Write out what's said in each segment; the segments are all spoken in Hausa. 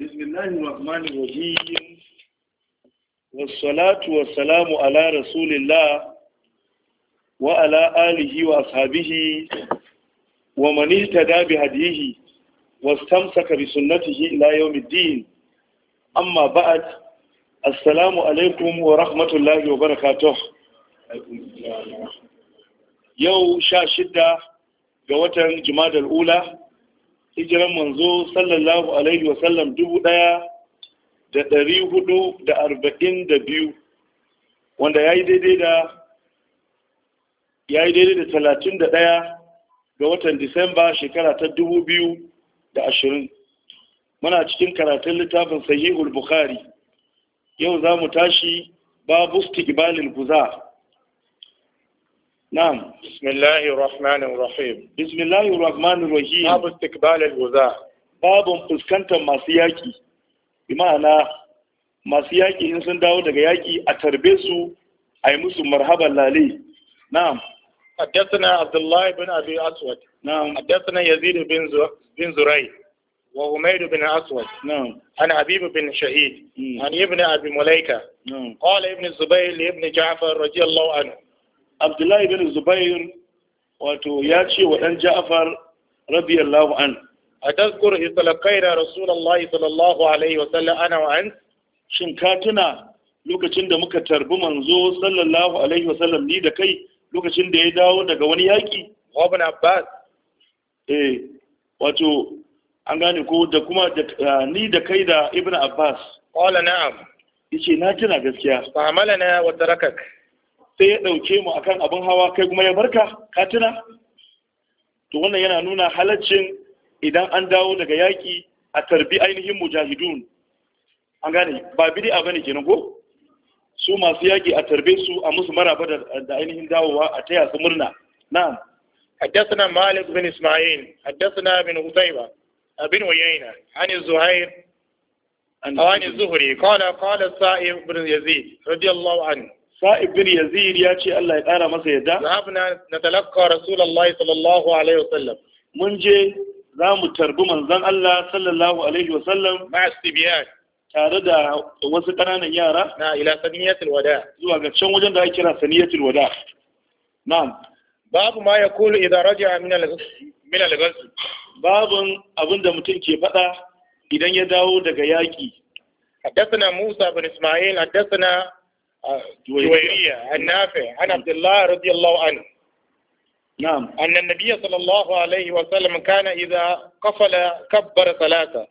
بسم الله الرحمن الرحيم والصلاة والسلام على رسول الله وعلى آله وأصحابه ومن اهتدى بهديه واستمسك بسنته إلى يوم الدين أما بعد السلام عليكم ورحمة الله وبركاته يوم شاشدة ga watan Jumadal Ula hijiran manzo sallallahu alaihi wasallam dubu ɗaya da ɗari hudu da arba'in da biyu wanda ya yi daidai da ya yi daidai da talatin da ɗaya ga watan disamba shekara ta dubu biyu da ashirin muna cikin karatun littafin sahihul bukhari yau za mu tashi babu stigbalin guza نعم بسم الله الرحمن الرحيم بسم الله الرحمن الرحيم باب استقبال الغزاة باب fuskantar masu yaki bi ma'ana masu yaki in sun dawo daga yaki a tarbe su حدثنا عبد الله بن ابي اسود نعم حدثنا يزيد بن بن زري وهميد بن اسود نعم عن حبيب بن شهيد عن ابن ابي مليكه نعم قال ابن الزبير لابن جعفر رضي الله عنه abdullahi bin zubair wato ya ce wa ɗan ja'afar radiyallahu an a tazkur isalakai da rasulallah sallallahu alaihi sallam ana wa an shin ka tuna lokacin da muka tarbi manzo sallallahu alaihi wa sallam ni da kai lokacin da ya dawo daga wani yaƙi wabin abbas eh wato an gane ko da kuma ni da kai da ibn abbas qala na'am yace na tuna gaskiya fa amalana wa tarakak sai ya ɗauke mu akan abin hawa kai kuma ya barka katina. to wannan yana nuna halaccin idan an dawo daga yaƙi a tarbi ainihin mujahidun an gane ba a bane kenan ko su masu yaƙi a tarbe su a musu maraba da ainihin dawowa a taya su murna na'am حدثنا مالك بن إسماعيل حدثنا بن قتيبة بن عيينة عن الزهير عن الزهري قال قال السائب بن يزيد رضي الله عنه sa'ib bin yazid ya ce Allah ya ƙara masa yadda zahabna natalaqqa rasulullahi sallallahu alaihi wasallam mun je za mu tarbi manzan Allah sallallahu alaihi wasallam ma istibiyan tare da wasu ƙananan yara na ila saniyatul wada zuwa ga can wajen da ake kira saniyatul wada na'am babu ma ya kulu idan raja min al babun abinda mutum ke faɗa idan ya dawo daga yaƙi حدثنا Musa bin Ismail, حدثنا جويرية النافع عن عبد الله رضي الله عنه نعم أن النبي صلى الله عليه وسلم كان إذا قفل كبر ثلاثة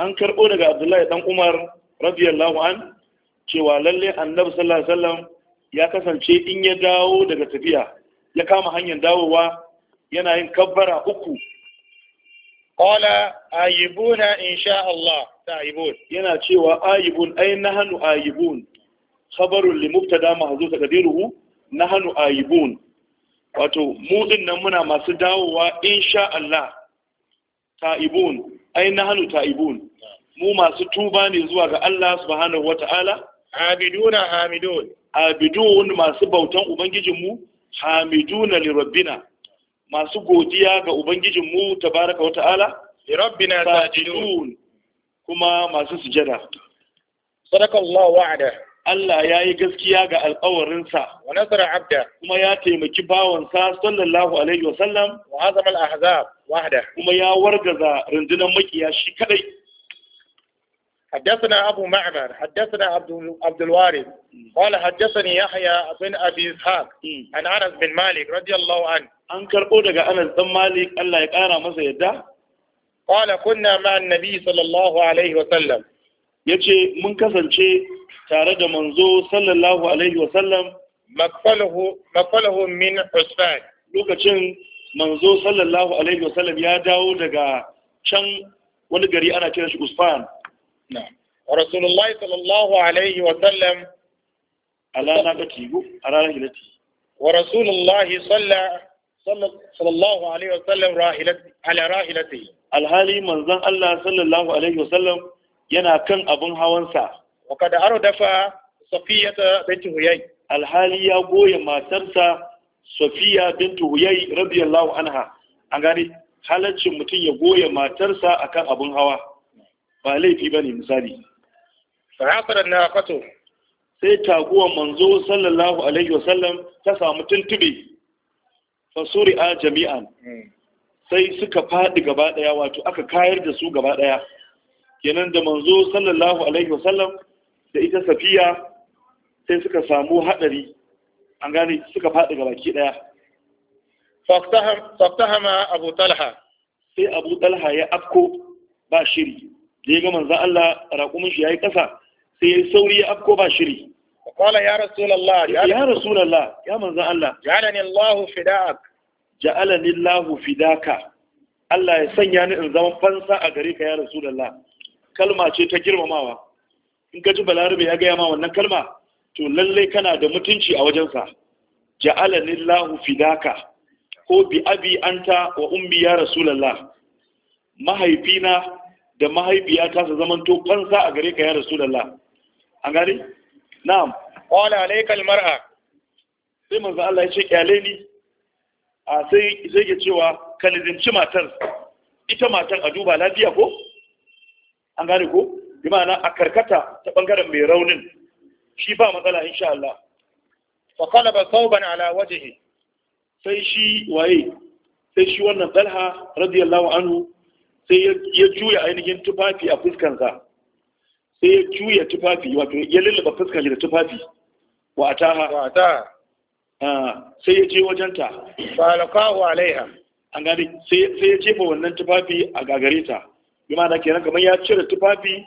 أنكر أولك عبد الله بن عمر رضي الله عنه cewa lalle annabi sallallahu alaihi wasallam ya kasance in ya dawo daga tafiya ya kama hanyar dawowa yana yin kabbara uku qala ayibuna insha Allah ta'ibun yana cewa ayibun ai nahnu ayibun khabarun li mubtada mahzuf taqdiruhu nahnu aibun wato mu din muna masu dawowa insha Allah ta'ibun ai na nahnu ta'ibun mu masu tuba ne zuwa ga Allah subhanahu wata'ala abiduna hamidun abidun masu bautan ubangijin mu? hamiduna li rabbina masu godiya ga ubangijin mu tabaraka wata'ala li rabbina sajidun kuma masu sujada sadakallahu wa'ada Allah ya yi gaskiya ga alƙawarinsa wa nasara abda kuma ya taimaki bawansa sallallahu alaihi wa sallam wa azama al-ahzab wahda kuma ya wargaza rundunar makiya shi kadai حدثنا أبو معمر حدثنا عبد عبد الوارث قال حدثني يحيى بن أبي إسحاق عن أنس بن مالك رضي الله عنه أنكر أودك أنس بن مالك ألا يقارى ما قال كنا مع النبي صلى الله عليه وسلم يجي من كسل شيء tare da manzo sallallahu alaihi wasallam makfalahu min husfan lokacin manzo sallallahu alaihi wasallam ya dawo daga can wani gari ana kiran shi usfan na rasulullahi sallallahu alaihi wasallam ala na kati go a ranar hilati wa rasulullahi sallallahu alaihi wasallam rahilati ala rahilati alhali manzon Allah sallallahu alaihi wasallam yana kan abun hawansa wa kada aro dafa safiyata binti huyai alhali ya goya matarsa safiya binti huyai radiyallahu anha an gane halaccin mutum ya goya matarsa akan abin hawa ba laifi bane misali fa'afara na fato sai taguwar manzo sallallahu alaihi wasallam ta samu tuntube fasuri a jami'an sai suka faɗi gaba ɗaya wato aka kayar da su gaba ɗaya kenan da manzo sallallahu alaihi wasallam da ita safiya sai suka samu haɗari an gane suka faɗi ga baki ɗaya faftahama abu talha sai abu talha ya afko ba shiri da ya ga manza Allah raƙumin shi yi ƙasa sai ya yi sauri ya afko ba shiri qala ya rasulullah ya rasulullah ya manzo Allah ja'alani Allah fidak ja'alani Allah fidaka Allah ya sanya ni in zama fansa a gare ka ya rasulullah kalma ce ta girmamawa in ka ji balarabe ya gaya ma wannan kalma to lallai kana da mutunci a wajensa ja'ala lillahu fidaka ko bi abi anta wa ummi ya rasulullah mahaifina da mahaifiyata su to kansa a gare ka ya rasulullah an gani na'am qala alayka almar'a sai manzo Allah ya ce kyale ni a sai sai ke cewa ka matar ita matar a duba lafiya ko an gane ko bi a karkata ta bangaren mai raunin shi ba matsala insha Allah fa ba thawban ala wajhihi sai shi waye sai shi wannan Talha radiyallahu anhu sai ya juya ainihin tufafi a fuskansa sai ya juya tufafi wato ya lullaba fuskar da tufafi wa a wa ah, sai ya je wajenta fa kawo alaiha an gani sai ya jefa wannan tufafi a gagare ta bi kenan kamar ya cire tufafi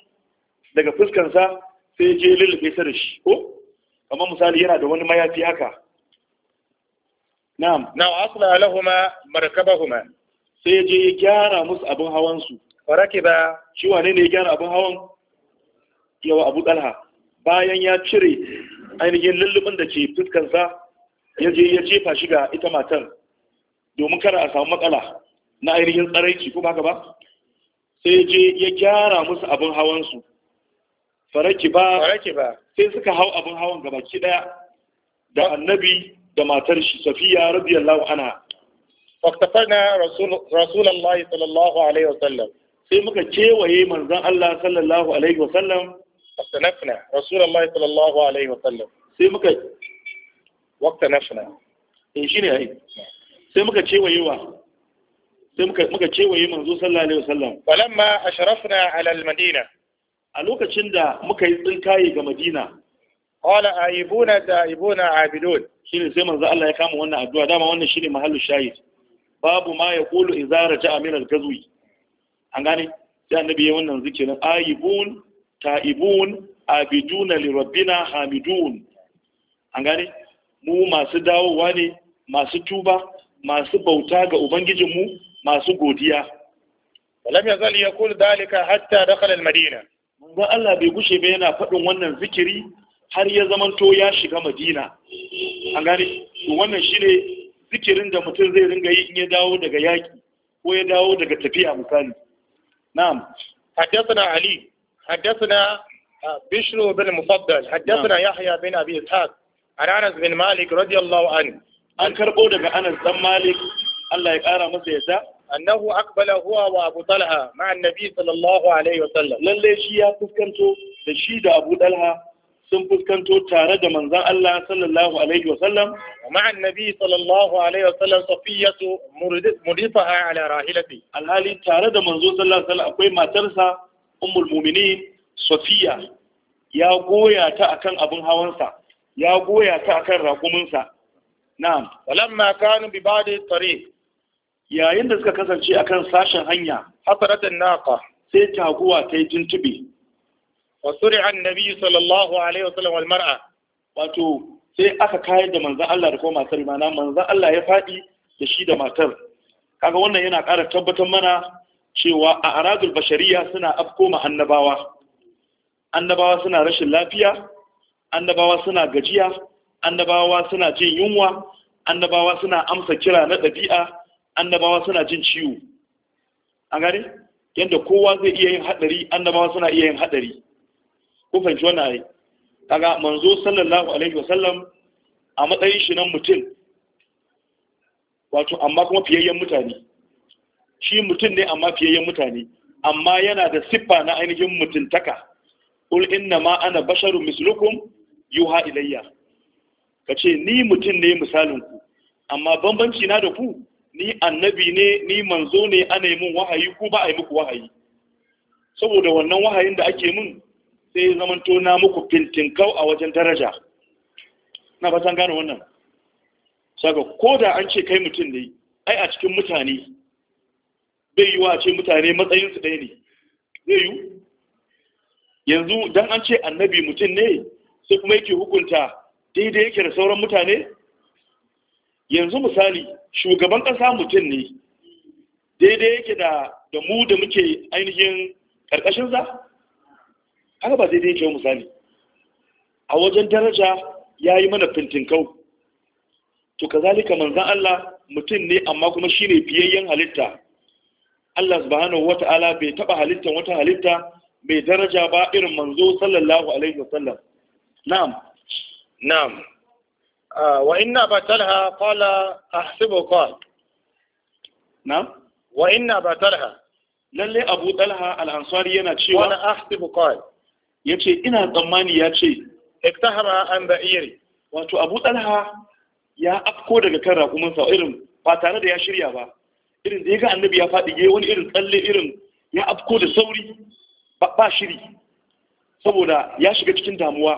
daga fuskansa sai ya je lullube sa da shi ko kamar misali yana da wani mayafi haka na'am na'am asla lahuma markabahuma sai ya je ya gyara musu abin hawan su ba. shi wane ne ya gyara abin hawan yawa abu dalha bayan ya cire ainihin lullubin da ke fuskansa ya je ya jefa shi ga ita matar domin kada a samu matsala na ainihin tsaraici ko haka ba sai je ya gyara musu abin hawan su. faraki ba sai suka hau abin hawan gabaki daya da annabi da matar shi safiya radiyallahu anha faktafarna rasulullahi sallallahu alaihi wasallam sai muka kewaye manzon Allah sallallahu alaihi wasallam faktanafna rasulullahi sallallahu alaihi wasallam sai muka waktanafna eh shine ai sai muka kewaye wa sai muka muka kewaye manzo sallallahu alaihi wasallam falamma ashrafna ala almadina a lokacin da muka yi tsinkaye ga madina qala aibuna daibuna abidun shine sai manzo Allah ya kama wannan addu'a dama wannan shine mahallu shahid babu ma ya kulu izara ta min al gazwi. an gane sai annabi ya wannan zikirin aibun taibun abiduna li rabbina hamidun an gane mu masu dawowa ne masu tuba masu bauta ga ubangijinmu masu godiya ولم يزل dalika hatta حتى al-madina manzon Allah bai gushe ba yana faɗin wannan zikiri har ya zamanto ya shiga Madina an gane to wannan shine zikirin da mutum zai ringa yi in ya dawo daga yaki ko ya dawo daga tafiya misali na'am حدثنا ali حدثنا bishru bin mufaddal حدثنا yahya bin abi ishaq عن bin malik radiyallahu anhu an karbo daga anas dan malik Allah ya kara masa yadda annahu aqbala huwa wa Abu Talha ma'a Nabi sallallahu alaihi wasallam lalle shi ya fuskanto da shi da Abu Talha sun fuskanto tare da manzon Allah sallallahu alaihi wasallam ma'a Nabi sallallahu alaihi wasallam Safiyatu murifaha ala rahilati alhali tare da manzo sallallahu alaihi wasallam akwai matarsa ummul mu'minin Safiya ya goya ta akan abin hawansa ya goya ta akan raƙuminsa na'am walamma kanu bi ba'di tariq yayin da suka kasance a kan sashen hanya hafaratan naqa sai taguwa ta yi tuntube wa suri'a annabi sallallahu alaihi wasallam wal mar'a wato sai aka kayar da manzon Allah da kuma matar mana manzon Allah ya faɗi da shi da matar kaga wannan yana ƙara tabbatar mana cewa a aradul bashariya suna afko ma annabawa annabawa suna rashin lafiya annabawa suna gajiya annabawa suna jin yunwa annabawa suna amsa kira na ɗabi'a annabawa suna jin ciwo A gane yadda kowa zai iya yin haɗari, annabawa suna iya yin haɗari ko fahimci wannan ai kaga manzo sallallahu alaihi wasallam a matsayin shi nan mutum wato amma kuma fiyayyen mutane shi mutum ne amma fiyayyen mutane amma yana da siffa na ainihin mutuntaka ul inna ma ana basharu mislukum yuha ilayya kace ni mutum ne misalin ku amma bambanci na da ku ni annabi ne ni manzo ne ana yi min wahayi ko ba a yi muku wahayi saboda wannan wahayin da ake min sai ya zamanto na muku fintinkau a wajen daraja na ba san gane wannan saka ko da an ce kai mutum ne ai a cikin mutane bai yi wa ce mutane matsayinsu ɗaya ne zai yi yanzu dan an ce annabi mutum ne sai kuma yake hukunta daidai yake da sauran mutane yanzu misali shugaban ƙasa mutum ne daidai yake da mu da muke ainihin ƙarƙashin za haka ba daidai yake misali a wajen daraja ya yi mana fintinkau to zalika manzan Allah mutum ne amma kuma shi ne fiyayyen halitta Allah subhanahu ta'ala bai taɓa halittan wata halitta mai daraja ba irin manzo sallallahu alaihi wasallam na'am na'am وإن أبا تلها قال أحسبه قال نعم وإن أبا تلها lalle abu talha al'ansari yana cewa wani ahsibu qal ya ce ina tsammani ya wato abu talha ya afko daga kan raƙumansa irin ba tare da ya shirya ba irin da ya ga annabi ya faɗi ya wani irin tsalle irin ya afko da sauri ba shiri saboda ya shiga cikin damuwa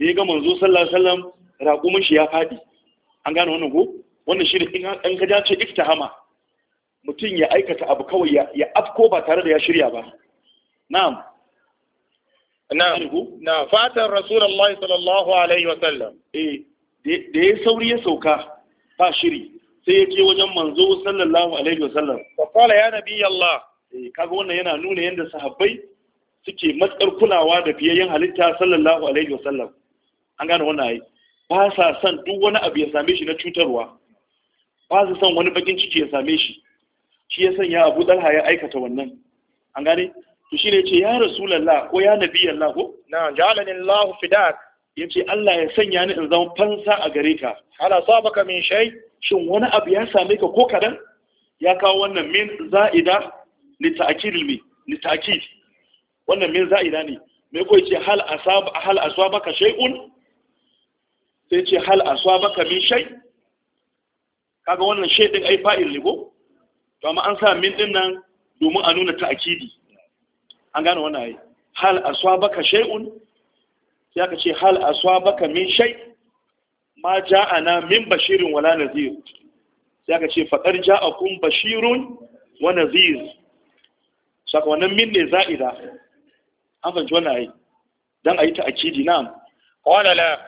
da ya ga manzo sallallahu alaihi wasallam raƙumin shi ya faɗi an gane wannan go wannan shi in an ka dace iftihama mutum ya aikata abu kawai ya afko ba tare da ya shirya ba na'am na'am na fatan rasulullahi sallallahu alaihi wa sallam eh da ya sauri ya sauka ba shiri sai ya je wajen manzo sallallahu alaihi wa sallam fa qala ya nabi allah eh kaga wannan yana nuna yanda sahabbai suke matsar kulawa da fiyayyen halitta sallallahu alaihi wa sallam an gane wannan ai ba sa son duk wani abu ya same shi na cutarwa ba su son wani bakin ciki ya same shi shi ya sanya abu dalha ya aikata wannan an gane to shine yace ya rasulullah ko ya nabiyallah ko na ja'alani allah fidak yace allah ya sanya ni in zama fansa a gare ka ala sabaka min shay shin wani abu ya same ka ko kadan ya kawo wannan min za'ida li ta'kid li li ta'kid wannan min za'ida ne me ko yace hal asab hal aswabaka shay'un sai ce hal baka min shai, kaga wannan shai din ai fa'il ne ko to amma an sa min din nan domin a nuna ta'kidi an gane wannan ai hal baka shay'un ya aka ce hal baka min shay ma ja'ana min bashirin wala nadhir ya aka ce faqad ja'akum bashirun wa nadhir saka wannan min ne za'ida an fahimci wannan ai dan ayi ta'kidi na'am qala la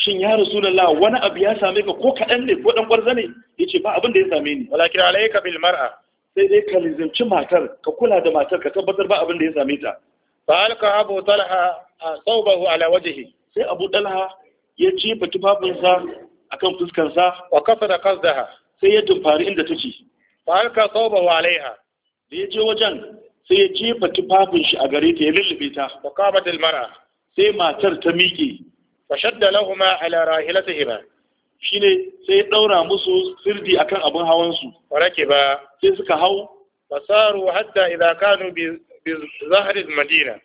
shin ya rasu rasulullah wani abu ya same ka ko kaɗan ne ko ɗan ƙwarza ne ya ce ba abin da ya same ni walakin alayka bil mar'a sai dai ka lizimci matar ka kula da matar ka tabbatar ba abin da ya same ta fa alka abu talha thawbahu ala wajhi sai abu talha ya jefa tufafinsa akan fuskarsa wa kafara ha. sai ya dumfari inda take fa alka thawbahu alaiha da ya je wajen sai ya jefa tufafin shi a gare ta ya lullube ta wa kama sai matar ta miƙe fashadda shadda ala rahilatihima shine sai ya daura musu sirdi akan abun hawan su farake ba sai suka hau fasaru hatta idza kanu bi zahri madina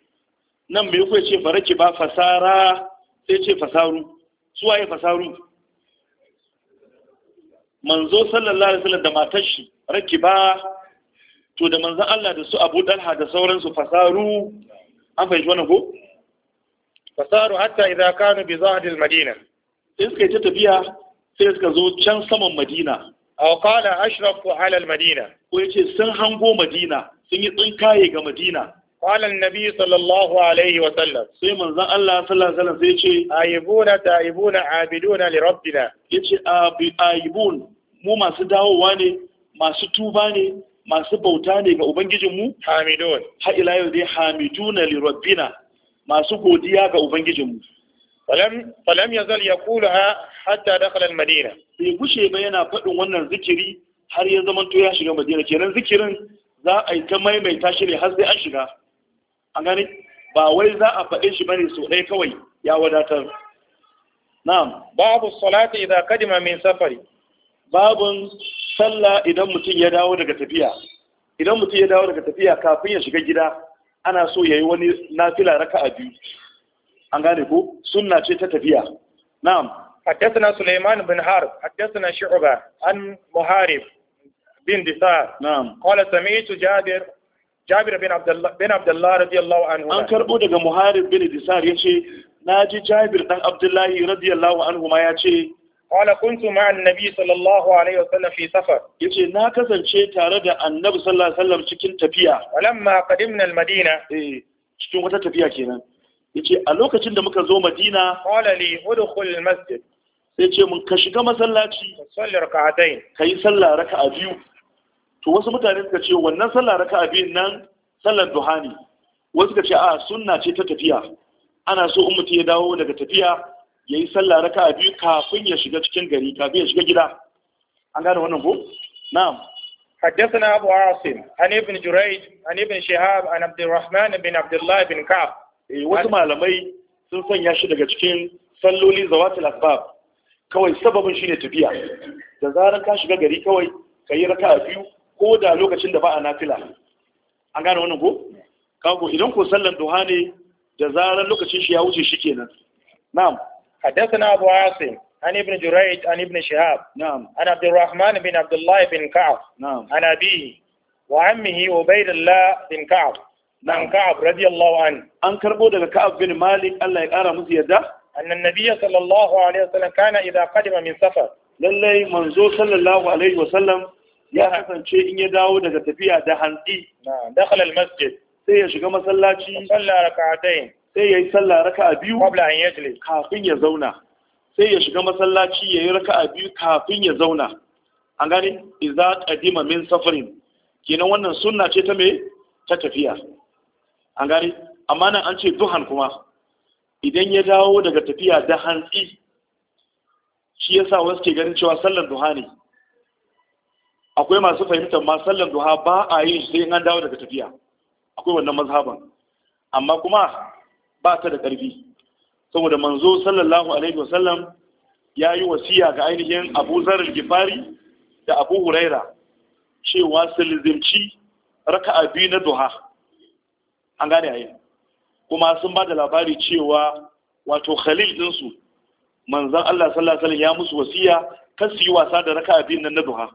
nan bai kuwa ce farake ba fasara sai ce fasaru su waye fasaru manzo sallallahu alaihi wasallam da matar shi ba to da manzo Allah da su Abu Dalha da sauransu fasaru an fahimci wannan ko fasaru hatta idza kanu bi zahdil madina sai suka yi ta tafiya sai suka zo can saman madina aw qala ashrafu ala al madina ko yace sun hango madina sun yi tsinkaye ga madina qala an-nabi sallallahu alaihi wa sallam sai manzon Allah sallallahu alaihi wa sallam sai yace ayibuna ta'ibuna abiduna li rabbina yace ayibun mu masu dawowa ne masu tuba ne masu bauta ne ga ubangijinmu hamidun ha ila yau dai hamiduna li rabbina masu godiya ga ubangijinmu falam ya zal ya kula ha hatta dakhala madina bai gushe ba yana faɗin wannan zikiri har ya zama to ya shiga madina kenan zikirin za a yi ta maimaita shi ne har sai an shiga an gani? ba wai za a faɗe shi bane so ɗaya kawai ya wadatar na'am babu salati idan kadima min safari babun sallah idan mutum ya dawo daga tafiya idan mutum ya dawo daga tafiya kafin ya shiga gida ana so yayi wani nafila raka'a biyu an gane ko sunna ce ta tafiya na'am حدثنا سليمان بن حرب حدثنا شعبة عن محارب بن دثار نعم قال سمعت جابر جابر بن عبد الله بن عبد الله رضي الله عنه أن كربو دغ محارب بن دثار يشي ناجي جابر بن عبد الله رضي الله عنه ما يشي Kwana kuntu ma'an nabi sallallahu alaihi wasallam fi safar. Yace na kasance tare da annabi sallallahu alaihi wasallam cikin tafiya. Walamma qadimna al-Madina. Eh, cikin wata tafiya kenan. Yace a lokacin da muka zo Madina. Qala li udkhul al-masjid. Sai ce mun ka shiga masallaci. Sallar rak'atayn. Kai sallah a biyu. To wasu mutane suka ce wannan sallah a biyun nan sallar duha ne. Wasu suka ce a sunna ce ta tafiya. Ana so in mutum ya dawo daga tafiya ya yi sallah raka a biyu kafin ya shiga cikin gari kafin ya shiga gida an gane wannan ko na'am حدثنا أبو Abu عن ابن جريج عن ابن شهاب عن عبد الرحمن bin عبد الله بن wasu malamai sun sanya shi daga cikin salloli zawatul asbab kawai sababin ne tafiya da zarar ka shiga gari kawai ka yi raka a biyu ko da lokacin da ba a nafila an gane wannan ko kago idan ko sallan duha ne da zarar lokacin shi ya wuce shi kenan na'am حدثنا أبو عاصم عن ابن جريج عن ابن شهاب نعم عن عبد الرحمن بن عبد الله بن كعب نعم عن أبيه وعمه عبيد الله بن كعب نعم كعب رضي الله عنه أن كربو كعب بن مالك الله يقرا مس أن النبي صلى الله عليه وسلم كان إذا قدم من سفر للي منزو صلى الله عليه وسلم يا حسن شيء إن daga tafiya تفيا hantsi dakhala نعم دخل المسجد shiga مسلاتي صلى ركعتين sai ya yi sallah a biyu kafin ya zauna sai ya shiga masallaci ya yi raka a biyu kafin ya zauna an za iza qadima min safarin kenan wannan sunna ce ta me ta tafiya an gani, amma nan an ce duhan kuma idan ya dawo daga tafiya da hantsi shi ya sa wasu ke ganin cewa sallan duha ne akwai masu fahimtar ma sallan duha ba a yi sai an dawo daga tafiya akwai wannan mazhaban amma kuma ba ta da ƙarfi saboda manzo sallallahu alaihi wasallam ya yi wasiya ga ainihin abu zarar gifari da abu huraira cewa su raka abi na duha an gane yayin kuma sun ba da labari cewa wato khalil ɗinsu manzan Allah sallallahu ya musu wasiya kan su yi wasa da raka abi na duha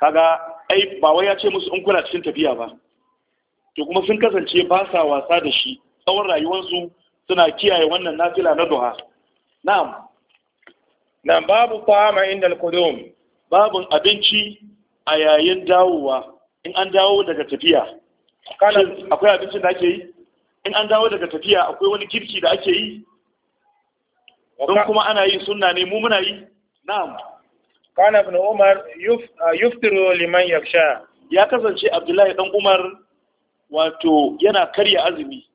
kaga ai ba wai ya ce musu in kuna cikin tafiya ba to kuma sun kasance ba sa wasa da shi tsawon rayuwarsu suna kiyaye wannan nafila na duha na'am na babu fama inda al-qudum babu abinci a yayin dawowa in an dawo daga tafiya akwai abincin da ake yi in an dawo daga tafiya akwai wani kirki da ake yi don kuma ana yi sunna ne mu muna yi na'am kana ibn umar yuftiru liman yaksha ya kasance abdullahi dan umar wato yana karya azumi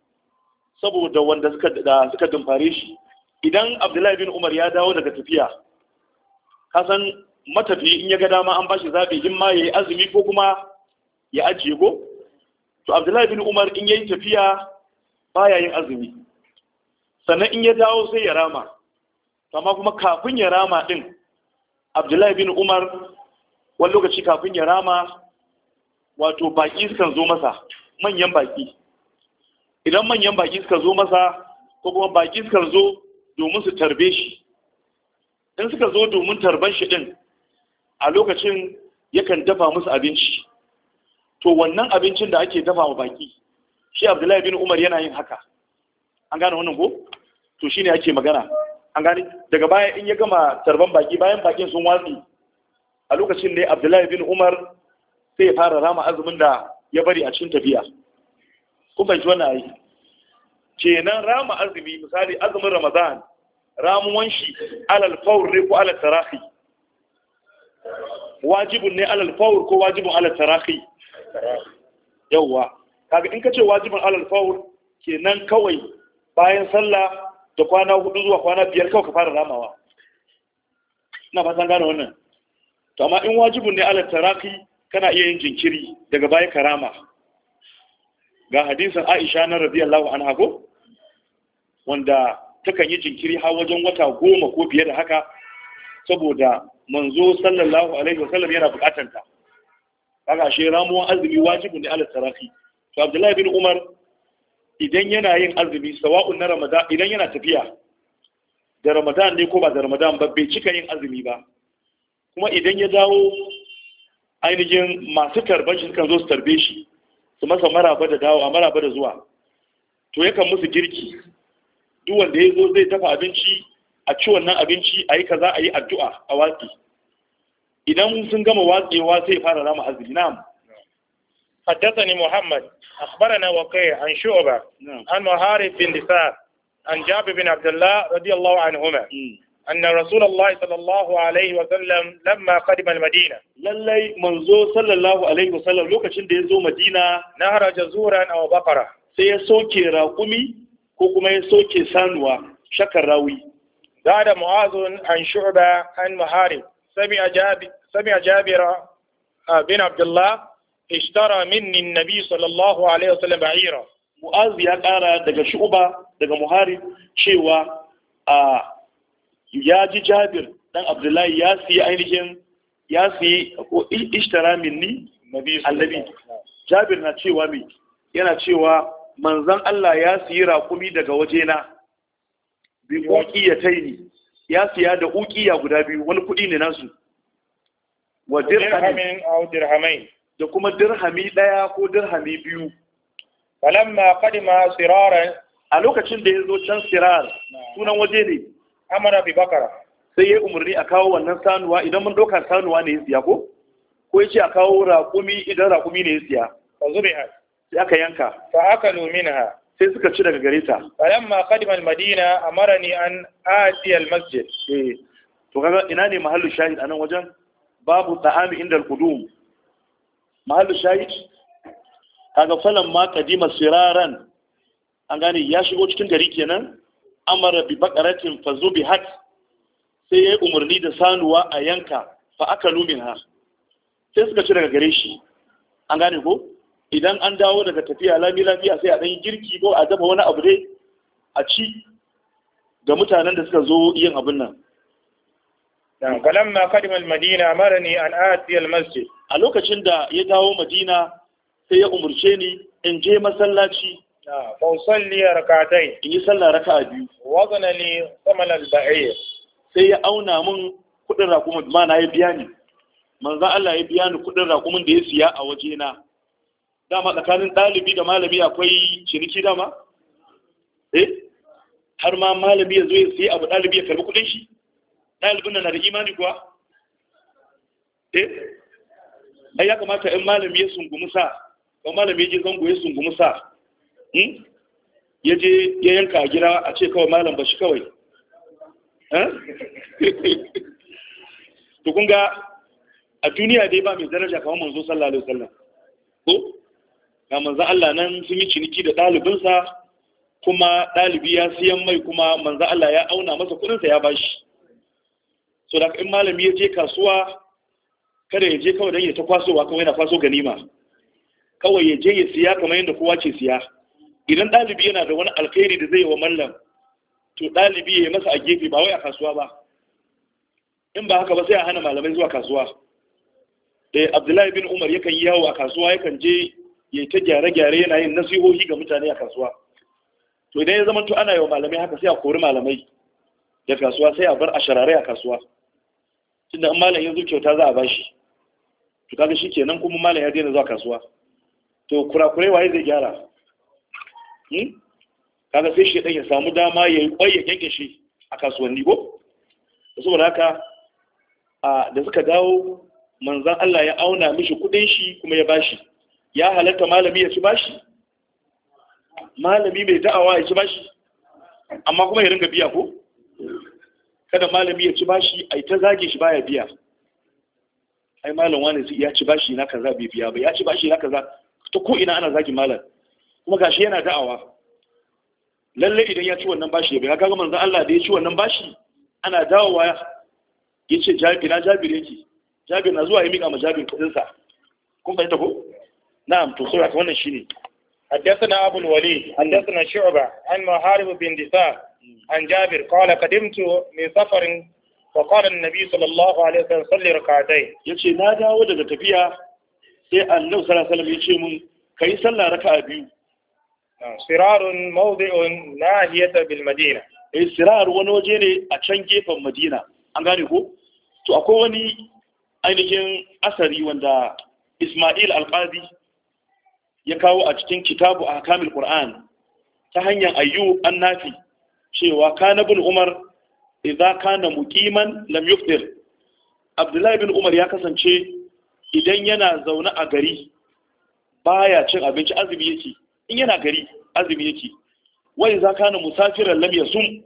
saboda wanda suka dumfare shi idan abdullahi bin umar ya dawo daga tafiya kasan matafi in ya ga dama an bashi zaɓi in ma ya yi azumi ko kuma ya ajiye ko to abdullahi bin umar in ya yi tafiya baya yin azumi sannan in ya dawo sai ya rama amma kuma kafin ya rama din abdullahi bin umar wani lokaci kafin ya rama wato baƙi sukan zo masa manyan baƙi idan manyan baki suka zo masa ko kuma baki suka zo domin su tarbe shi in suka zo domin tarban shi din a lokacin yakan dafa musu abinci to wannan abincin da ake dafa wa baki shi abdullahi bin umar yana yin haka an gane wannan ko to shi ne ake magana an gane daga baya in ya gama tarban baki bayan bakin sun watsi a lokacin ne abdullahi bin umar sai ya fara rama azumin da ya bari a cikin tafiya kun fahimci wannan ayi kenan rama azumi misali azumin ramadan ramuwan shi alal fawr ne ko alal tarahi wajibun ne alal fawr ko wajibun alal tarahi yawa kaga in ka ce wajibin alal fawr kenan kawai bayan sallah da kwana hudu zuwa kwana biyar kawai ka fara ramawa ina fatan gane wannan to amma in wajibin ne alal tarahi kana iya yin jinkiri daga baya karama ga hadisin Aisha na radiyallahu anha ko wanda takan yi jinkiri har wajen wata goma ko fiye da haka saboda manzo sallallahu alaihi wasallam yana bukatar ta kaga shi ramuwan azumi wajibi ne ala sarafi to Abdullahi bin Umar idan yana yin azumi sawa'un na Ramadan idan yana tafiya da Ramadan ne ko ba da Ramadan ba bai cika yin azumi ba kuma idan ya dawo ainihin masu tarbashi kan zo su tarbe shi su masa maraba da dawo a maraba da zuwa to yakan musu girki duk wanda ya zo zai dafa abinci a ci wannan abinci a yi kaza a yi addu'a a watsi idan sun gama watsewa sai fara rama azumi na'am حدثني Muhammad, أخبرنا وقيع عن شعبة عن محارب بن دثار عن جابر بن عبد الله رضي أن رسول الله صلى الله عليه وسلم لما قدم المدينة للي منزو صلى الله عليه وسلم لو كشن ديزو مدينة نهر جزورا أو بقرة سيسوكي راقمي كوكما يسوكي سانوا شكر راوي زاد معاذ عن شعبة عن محارب سمع جابر سمع جابر بن عبد الله اشترى مني النبي صلى الله عليه وسلم بعيرا معاذ يا قارا daga shuba daga muharib cewa a ya ji jabir dan abdullahi ya siya ainihin ya siya ko ishtara minni Allabi, jabir na cewa mai yana cewa manzan Allah ya siya raƙumi daga wajena bi ya taini ya siya da uqiya guda biyu wani kuɗi ne nasu wa dirhamin aw dirhamain da kuma dirhami ɗaya ko dirhami biyu falamma qadima siraran a lokacin da ya zo can sirar sunan waje ne amara bi bakara sai ya umarni a kawo wannan sanuwa idan mun dauka sanuwa ne ya siya ko ko ya ce a kawo raƙumi idan raƙumi ne ya siya fa zubi ha sai aka yanka fa aka numina sai suka ci daga gare ta bayan ma al madina amarani an al masjid eh to kaga ina ne mahallu shahid anan wajen babu ta'ami inda al-qudum mahallu shahid kaga falan ma qadima siraran an gane ya shigo cikin gari kenan amara bi baqaratin bi hat sai yi umarni da sanuwa a yanka fa akalu ha. sai suka ci daga gare shi an gane ko idan an dawo daga tafiya lami lafiya sai a dan girki ko a dafa wani abu dai a ci ga mutanen da suka zo yin abin nan dan kalamma al madina amarani an ati masjid a lokacin da ya dawo madina sai ya umurce ni in je masallaci fa usalli rak'atayn in yi sallah raka'a biyu wa gana li thaman sai ya auna mun kudin rakumin ma na ya biya ni Manza Allah ya biya ni kudin rakumin da ya siya a wajena. na dama tsakanin ɗalibi da malami akwai ciniki dama eh har ma malami ya zo ya siya abu ɗalibi ya karbi kudin shi dalibin na da imani kuwa eh ai ya kamata in malami ya sungumi sa ko malami ya je zango ya sungumi sa Hmm? ya je ya yanka a gira a ce kawai malam ba shi kawai tukun ga a duniya dai ba mai daraja kamar manzo sallallahu alaihi wasallam ko ga manzo Allah nan sun yi ciniki da ɗalibinsa kuma ɗalibi ya siyan mai kuma manzo Allah ya auna masa kuɗinsa ya bashi so da in malami ya je kasuwa kada ya je kawai don ya ta kwasowa kawai yana kwaso ganima kawai ya je ya siya kamar yadda kowa ce siya idan ɗalibi yana da wani alkhairi da zai wa mallam to ɗalibi ya yi masa a gefe ba wai a kasuwa ba in ba haka ba sai a hana malamai zuwa kasuwa da eh, abdullahi bin umar yakan yi yawo a kasuwa yakan je ya ta gyare-gyare yana yin nasihohi ga mutane a kasuwa to idan ya zama to ana yi wa malamai haka sai a kori malamai da kasuwa sai a bar a sharare a kasuwa tunda in malam ya zo kyauta za a bashi to kaga shi kenan kuma malam ya daina zuwa kasuwa to kurakurai waye zai gyara Hmm? kaga sai shi ya samu dama ya yi ƙwai shi a kasuwanni ko saboda haka da suka dawo manzan Allah ya auna mishi kudin shi kuma ya bashi ya halatta malami ya ci bashi malami mai da'awa ya ci bashi amma kuma ya ringa biya ko kada malami ya ci bashi a ta zage shi baya biya ai malam wani ya ci bashi na kaza bai biya ba ya ci bashi na kaza ta ko ina ana zagin malam kuma gashi yana da'awa lalle idan ya ci wannan bashi ya bai kaga zan Allah da ya ci wannan bashi ana dawowa ya ce na jabi yake jabi na zuwa ya mika ma kudin sa kun fahimta ko na'am to sai wannan shine حدثنا أبو الوليد حدثنا شعبة عن محارب بن دثار عن جابر قال قدمت من فقال النبي صلى الله عليه وسلم صلي ركعتين na dawo daga tafiya sai annabi sallallahu alaihi wasallam ya mun kai sallah raka'a biyu sirar mawdi'un nahiyata bil madina eh sirar wani waje ne a can gefen madina an gane ko to akwai wani ainihin asari wanda isma'il alqadi ya kawo a cikin kitabu ahkamul qur'an ta hanyar ayyub annafi cewa kana bin umar idza kana muqiman lam yuftir abdullahi bin umar ya kasance idan yana zaune a gari baya cin abinci azumi yake in yana gari azumi yake wai za ka na musafirar lam yasum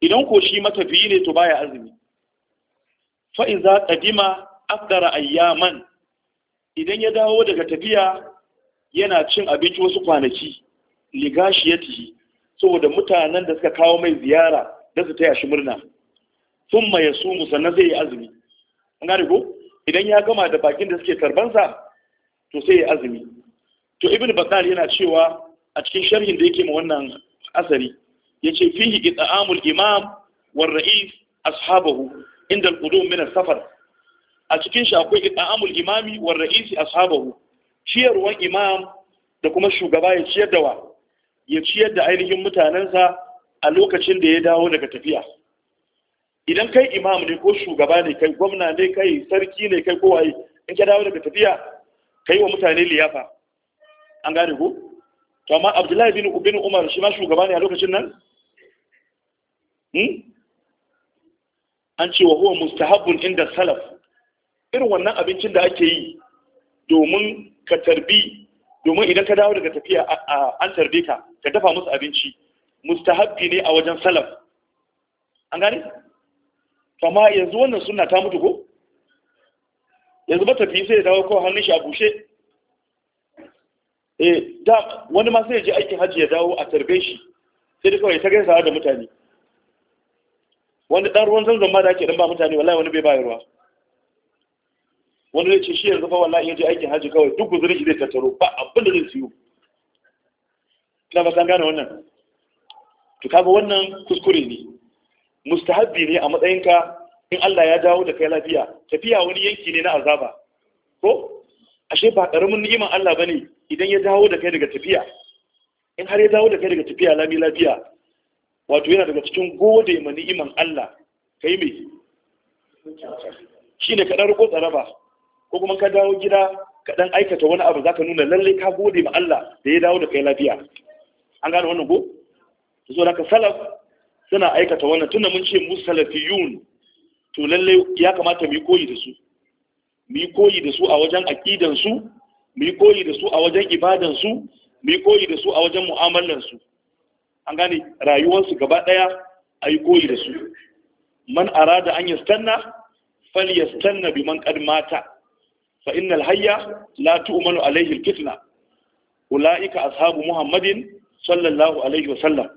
idan ko shi matafiyi ne to baya azumi fa iza qadima afdara ayyaman idan ya dawo daga tafiya yana cin abinci wasu kwanaki ya ligashiyatihi saboda mutanen da suka kawo mai ziyara da su taya shi murna thumma yasumu sannan zai yi azumi an gane ko idan ya gama da bakin da suke karbansa to sai ya azumi to ibn bakar yana cewa a cikin sharhin da yake ma wannan asari yace fihi Ita'amul imam war ra'is ashabahu inda al-qudum min safar a cikin shi akwai Ita'amul imami war ra'isi ashabahu ciyarwan imam da kuma shugaba ya ciyar da wa ya ciyar da ainihin mutanensa a lokacin da ya dawo daga tafiya idan kai imam ne ko shugaba ne kai gwamna ne kai sarki ne kai kowaye in ka dawo daga tafiya kai wa mutane liyafa an gane ku to amma abdullahi bin ubin umar shi ma shugaba ne a lokacin nan hmm? an ce wa huwa mustahabun inda salaf irin wannan abincin da ake yi domin ka tarbi domin idan ka dawo daga tafiya an tarbe ka ka dafa musu abinci mustahabbi ne a wajen salaf an gane kama yanzu wannan suna ta mutu ko yanzu ba tafi sai ya dawo kawai hannun shi a bushe Eh, da wani ma sai ya aikin hajji ya dawo a tarbe shi sai da kawai ta gaisa da mutane wani dan ruwan zanzan ma da ake dan ba mutane wallahi wani bai bayarwa wani zai ce shi yanzu fa wallahi yaje aikin hajji kawai duk guzuri shi zai tattaro ba abin da zai siyo ina ba san gane wannan to kaga wannan kuskure ne mustahabbi ne a matsayinka in Allah ya dawo da kai lafiya tafiya wani yanki ne na azaba ko ashe ba karamin ni'imar Allah bane idan ya dawo da kai daga tafiya in har ya dawo da kai daga tafiya lami lafiya wato yana daga cikin gode ma ni'iman Allah kai mai shine ka dan riko tsaraba ko kuma ka dawo gida ka dan aikata wani abu zaka nuna lalle ka gode ma Allah da ya dawo da kai lafiya an gane wannan ko so da ka salaf suna aikata wannan tunda mun ce musalafiyun to lalle ya kamata mu yi koyi da su mu yi koyi da su a wajen aqidan su mu yi koyi da su a wajen ibadansu mu yi koyi da su a wajen mu'amalansu an gane rayuwarsu gaba ɗaya a yi koyi da su man arada an yastanna fal yastanna bi man qad mata fa innal hayya la tu'manu alayhi al ulaika ashabu muhammadin sallallahu alaihi sallam.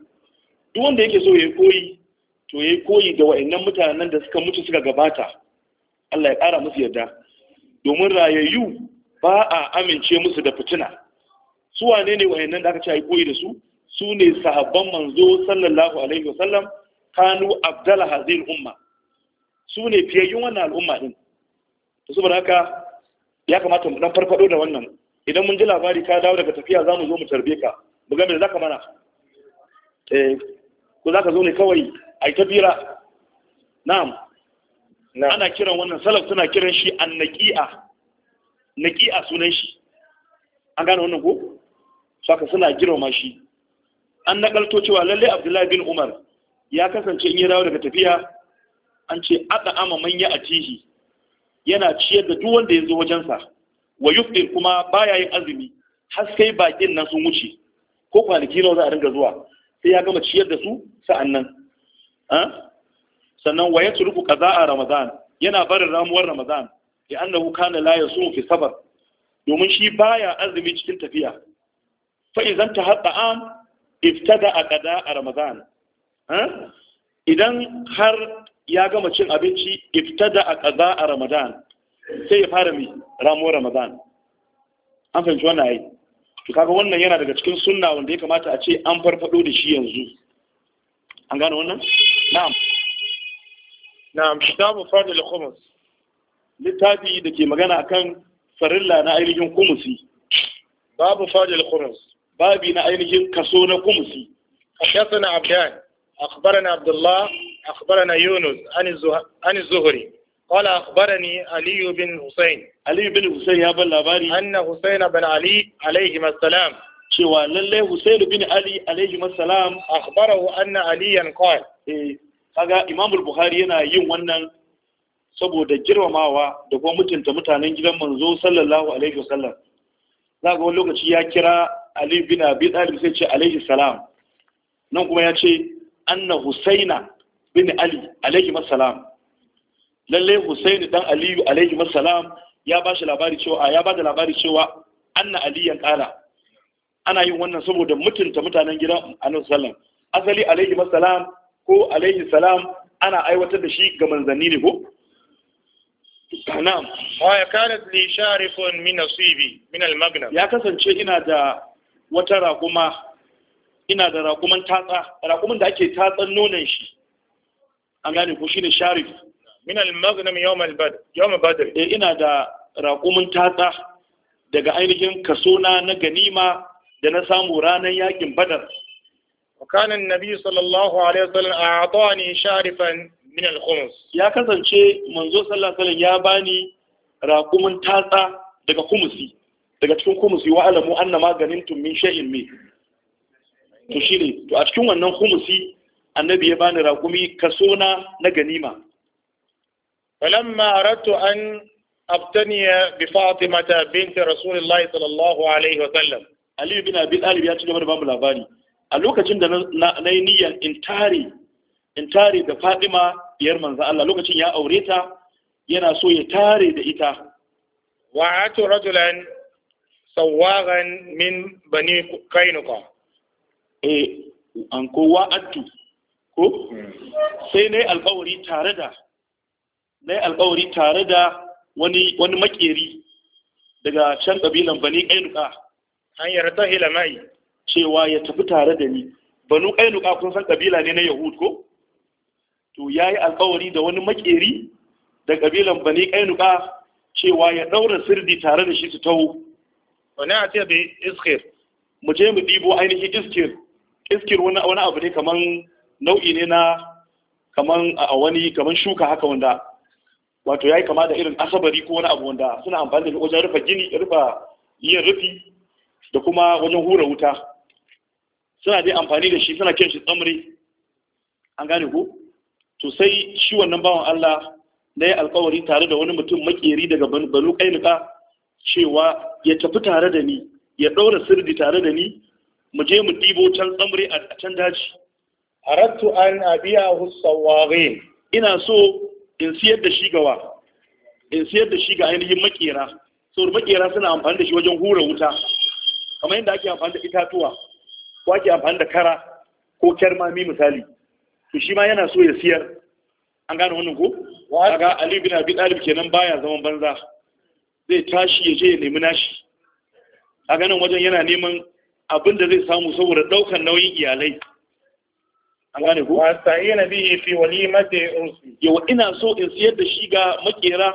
duk wanda yake so yayi koyi to yayi koyi da wayannan mutanen da suka mutu suka gabata Allah ya kara musu yarda domin rayayyu ba a amince musu da fitina su wane ne wayannan da aka yi koyi da su su ne sahabban manzo sallallahu alaihi wasallam kanu abdala hazin umma su ne fiyayyun wannan al'umma din saboda haka ya kamata mu dan farfado da wannan idan mun ji labari ka dawo daga tafiya zamu zo mu tarbe ka mu ga me zaka mana eh ko zaka zo ne kawai ai tabira na'am ana kiran wannan salaf suna kiran shi annaqi'a naki a sunan shi an gane wannan ko saka suna girma shi an nakalto cewa lalle abdullahi bin umar ya kasance in ya dawo daga tafiya an ce aka ama manya a tihi yana ciyar da duk wanda ya zo wajensa wa yufdir kuma baya yin azumi haske sai bakin nan sun wuce ko kwanaki nawa za a dinga zuwa sai ya gama ciyar da su sa'annan sannan wa yatruku qaza'a ramadan yana barin ramuwar ramadan ya annahu kana la yasum fi safar domin shi baya azumi cikin tafiya fa idan ta hadda an iftada aqada a ramadan idan har ya gama cin abinci iftada aqada a ramadan sai ya fara mi ramo ramadan an fahimci wannan ai to kaga wannan yana daga cikin sunna wanda ya kamata a ce an farfado da shi yanzu an gane wannan na'am na'am kitabu fadil khums littafi da ke magana akan farilla na ainihin kumusi babu fadil khumus babi na ainihin kaso na kumusi حدثنا عبدان أخبرنا عبد الله أخبرنا يونس عن الزهري قال أخبرني علي بن حسين علي بن حسين يا بن لاباري أن حسين بن علي عليهما السلام cewa lallai Husainu bin Ali alaihi masalam akhbarahu aliyan qala eh kaga Imamul Buhari yana yin wannan saboda girmamawa da kuma mutunta mutanen gidan manzo sallallahu alaihi wasallam za ga wani lokaci ya kira Ali bin Abi Talib sai ce alaihi salam nan kuma ya ce anna Husaina bin Ali alaihi masalam lalle Husaini dan Aliyu alaihi masalam ya ba shi labari cewa ya ba da labari cewa anna ya kala ana yin wannan saboda mutunta mutanen gidan annabi sallam asali alaihi masalam ko alaihi salam ana aiwatar da shi ga manzanni ne ko na'am wa ya kanat li sharifun min nasibi min al-magnam ya kasance ina da wata raƙuma ina da raƙuman tatsa raƙuman da ake tatsan nonon shi an gane ko shine sharif min al-magnam yawm al-badr yawm badr eh ina da raƙumin tatsa daga ainihin kaso na na ganima da na samu ranar yakin badar Wa وكان النبي صلى الله عليه وسلم أعطاني شارفا min al-khums ya kasance manzo sallallahu alaihi ya bani raqumin tatsa daga khumsi daga cikin khumsi wa alamu anna maganin tum min shay'in min to shine to a cikin wannan khumsi annabi ya bani raqumi kaso na na ganima falamma aradtu an abtaniya bi fatimata bint rasulillahi sallallahu alaihi wa sallam ali bin abi talib ya ci gaba da babu labari a lokacin da na yi niyyar in tare in tare da Fadima biyar manzo Allah lokacin ya aure ta yana so ya tare da ita wa atu rajulan sawagan min bani kainuka eh an ko wa atu ko sai ne alƙawari tare da ne alƙawari tare da wani wani makeri daga can kabilan bani kainuka an yartahila hilamai cewa ya tafi tare da ni banu kainuka kun san kabila ne na yahud ko to ya yi alkawari da wani makeri da kabilan bani kainuka cewa ya ɗaura sirdi tare da shi su taho wani a ce bai iskir mu je mu ɗibo ainihi iskir iskir wani abu ne kaman nau'i ne na kaman a wani kaman shuka haka wanda wato ya yi kama da irin asabari ko wani abu wanda suna amfani da wajen rufe gini rufe yin rufi da kuma wajen hura wuta suna dai amfani da shi suna kyan shi tsamri an gane ku to sai shi wannan bawan Allah na yi alkawari tare da wani mutum makeri daga banu kainuka cewa ya tafi tare da ni ya ɗaura sirdi tare da ni mu je mu ɗibo can tsamre a can daji harattu an abiya husaware ina so in siyar da shi gawa in siyar da shi ga ainihin makera saboda makera suna amfani da shi wajen hura wuta kamar yadda ake amfani da itatuwa ko ake amfani da kara ko kyarmami misali to shi ma yana so ya siyar an gane wannan ko kaga ali bin abi talib kenan baya zaman banza zai tashi ya je ya nemi nashi A ganin wajen yana neman abin da zai samu saboda daukan nauyin iyalai an gane ko yana bi fi walimati ursi yau ina so in siyar da shi ga makera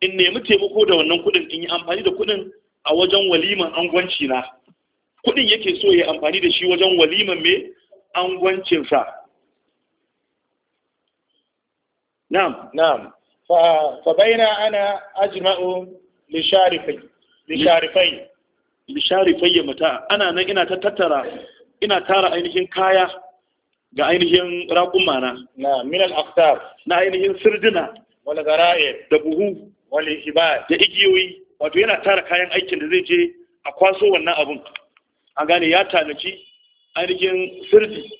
in nemi taimako da wannan kudin in yi amfani da kudin a wajen waliman angwanci na kudin yake so ya amfani da shi wajen waliman me angwancinsa na'am fa baina ana ajma'u li sharifai li sharifai mata ana nan ina tara ainihin kaya ga ainihin raƙuma na na ainihin sirdina wal gara'i da buhu da igiyoyi wato yana tara kayan aikin da zai je a kwaso wannan abun an gane ya tanaci ainihin sirdi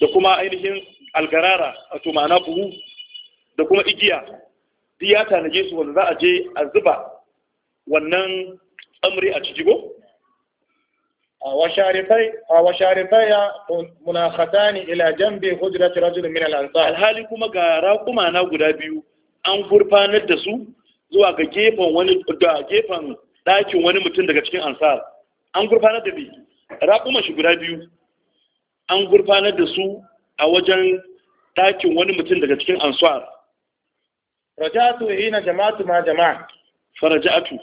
da kuma ainihin algarara wato mana buhu da kuma igiya duk ya tanaje su wanda za a je a zuba wannan amri a ciki a washarifai ya munakata ni ila jambe hujjata rajulun min al'ansar alhali kuma ga raƙumana na guda biyu an gurfanar da su zuwa ga gefen wani da gefen ɗakin wani mutum daga cikin ansar an gurfanar da bi raƙuma shi guda biyu an gurfanar da su a wajen ɗakin wani mutum daga cikin ansar yi hina jama'atu ma jama'a Farajatu,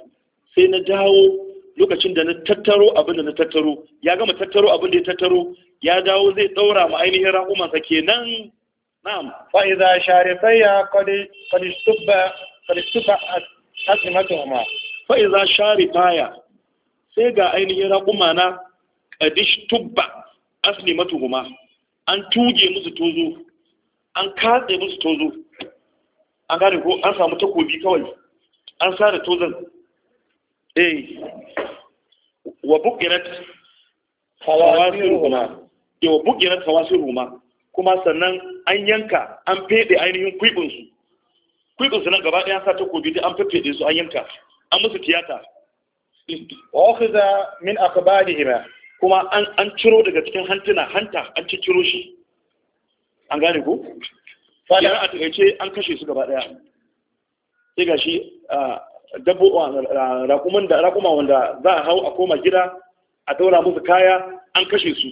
sai na dawo lokacin da na tattaro abin da na tattaro ya gama tattaro abin da ya tattaro ya dawo zai daura ma ainihin raƙumansa kenan na'am fa idza sharifaya qad qad istubba qad istubba azmatuhuma fa idza sharifaya sai ga ainihin raƙuma na qad istubba ma. an tuge musu tozo an katse musu tozo an gane ko an samu takobi kawai an da tozan eh wa bukirat fawasiruma eh, wa bukirat fawasiruma kuma sannan an yanka an fede ainihin kuibin su su nan gaba ɗaya sa takobi dai an fefede su an yanka an musu tiyata wa akhadha min aqbalihima kuma an an ciro daga cikin hantuna hanta an ciro shi an gane ko kenan a takaice an kashe su gaba daya sai ga shi rakuma wanda za a hau a koma gida a daura musu kaya an kashe su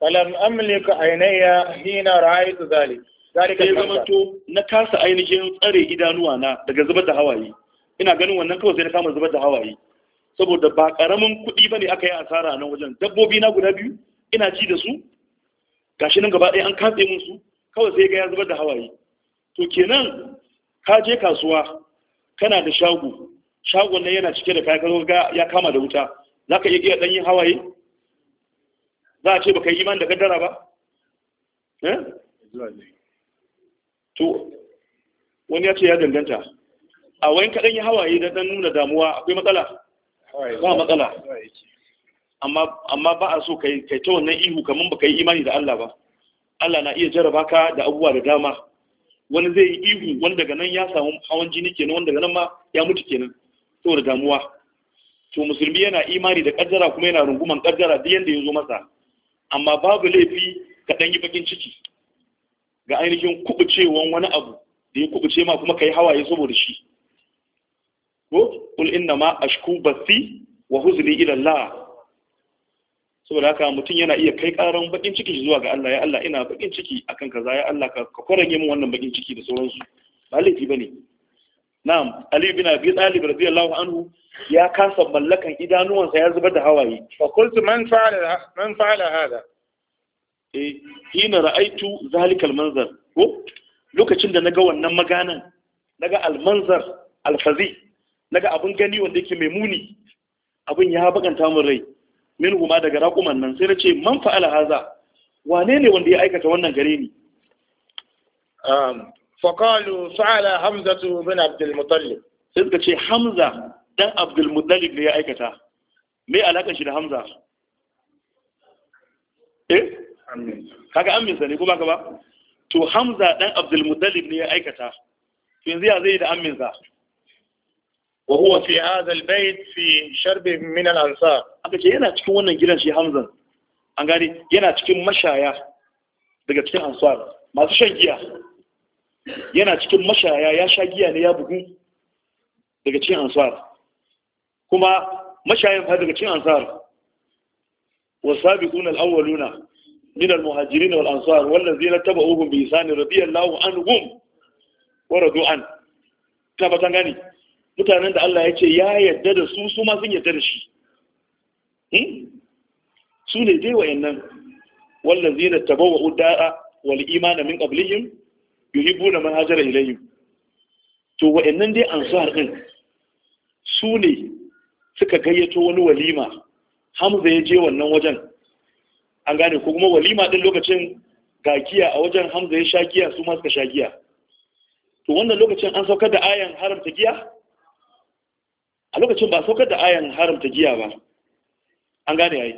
falam amlika ainaya hina ra'aytu zalik zalika sai to na kasa ainihin tsare idanuwa na daga zubar da hawaye ina ganin wannan kawai sai na kama zubar da hawaye saboda ba karamin kuɗi bane aka yi asara nan wajen dabbobi na guda biyu ina ci da su gashi nan gaba ɗaya an katse musu kawai sai ga ya zubar da hawaye to kenan ka je kasuwa kana da shago shagon nan yana cike da kaya ka ga ya kama da wuta za ka iya ɗanyin hawaye za a ce ba yi iman da gaddara ba eh? to wani ya ce ya danganta a wayan kaɗan yi hawaye da nuna damuwa akwai matsala ba matsala amma ba a so kai ta wannan ihu kamar baka yi imani da Allah ba Allah na iya jarraba ka da abubuwa da dama wani zai yi ihu wanda daga nan ya samu hawan jini kenan wanda daga nan ma ya mutu kenan da damuwa to musulmi yana imani da kaddara kuma yana runguman kaddara duk yanda ya zo masa amma babu laifi ka dan yi bakin ciki ga ainihin kubucewan wani abu da ya kubuce ma kuma kai hawaye saboda shi ko kul inna ma ashku bathi wa huzni ila Allah saboda haka mutum yana iya kai karan bakin ciki zuwa ga Allah ya Allah ina bakin ciki akan kaza ya Allah ka kwarage min wannan bakin ciki da sauransu ba laifi bane na'am ali bin abi talib radiyallahu anhu ya kasa mallakan idanuwansa ya zubar da hawaye fa qultu man fa'ala man fa'ala hada eh hina ra'aitu zalikal manzar ko lokacin da naga wannan maganan naga almanzar alfazi naga abun gani wanda yake mai muni abun ya baganta mun rai min huma daga raƙuman nan sai na ce man fa'ala haza wane ne wanda ya aikata wannan gare ni um, faƙalu fa'ala hamzatu bin abdulmutallib sai suka ce hamza dan abdulmutallib ne ya aikata me alaƙa shi da hamza eh kaga aminsa ne kuma ka ba to hamza dan abdulmutallib ne ya aikata yanzu ya zai da aminsa wa huwa fi hadha albayt fi sharb min al ce yana cikin wannan gidan shi Hamza an gani yana cikin mashaya daga cikin ansar masu shan giya yana cikin mashaya ya sha giya ne ya bugu daga cikin ansar kuma mashayan fa daga cikin ansar والسابقون الأولون من المهاجرين والأنصار والذين تبعوهم بإحسان رضي الله عنهم ورضوا عنه كما gani. mutanen da Allah ya ce ya yarda da su su ma sun yarda da shi hmm? su ne dai nan, zina taba wa da'a wal imana min qablihim yuhi Buna, hajara ilayu to nan dai su din su ne suka gayyato wani walima Hamza ya je wannan wajen an gane ko kuma walima din lokacin gakiya a wajen Hamza ya sha giya su ma suka sha giya to wannan lokacin an saukar da ayan haramta giya a lokacin ba saukar da ayan haramta giya ba an gane yayi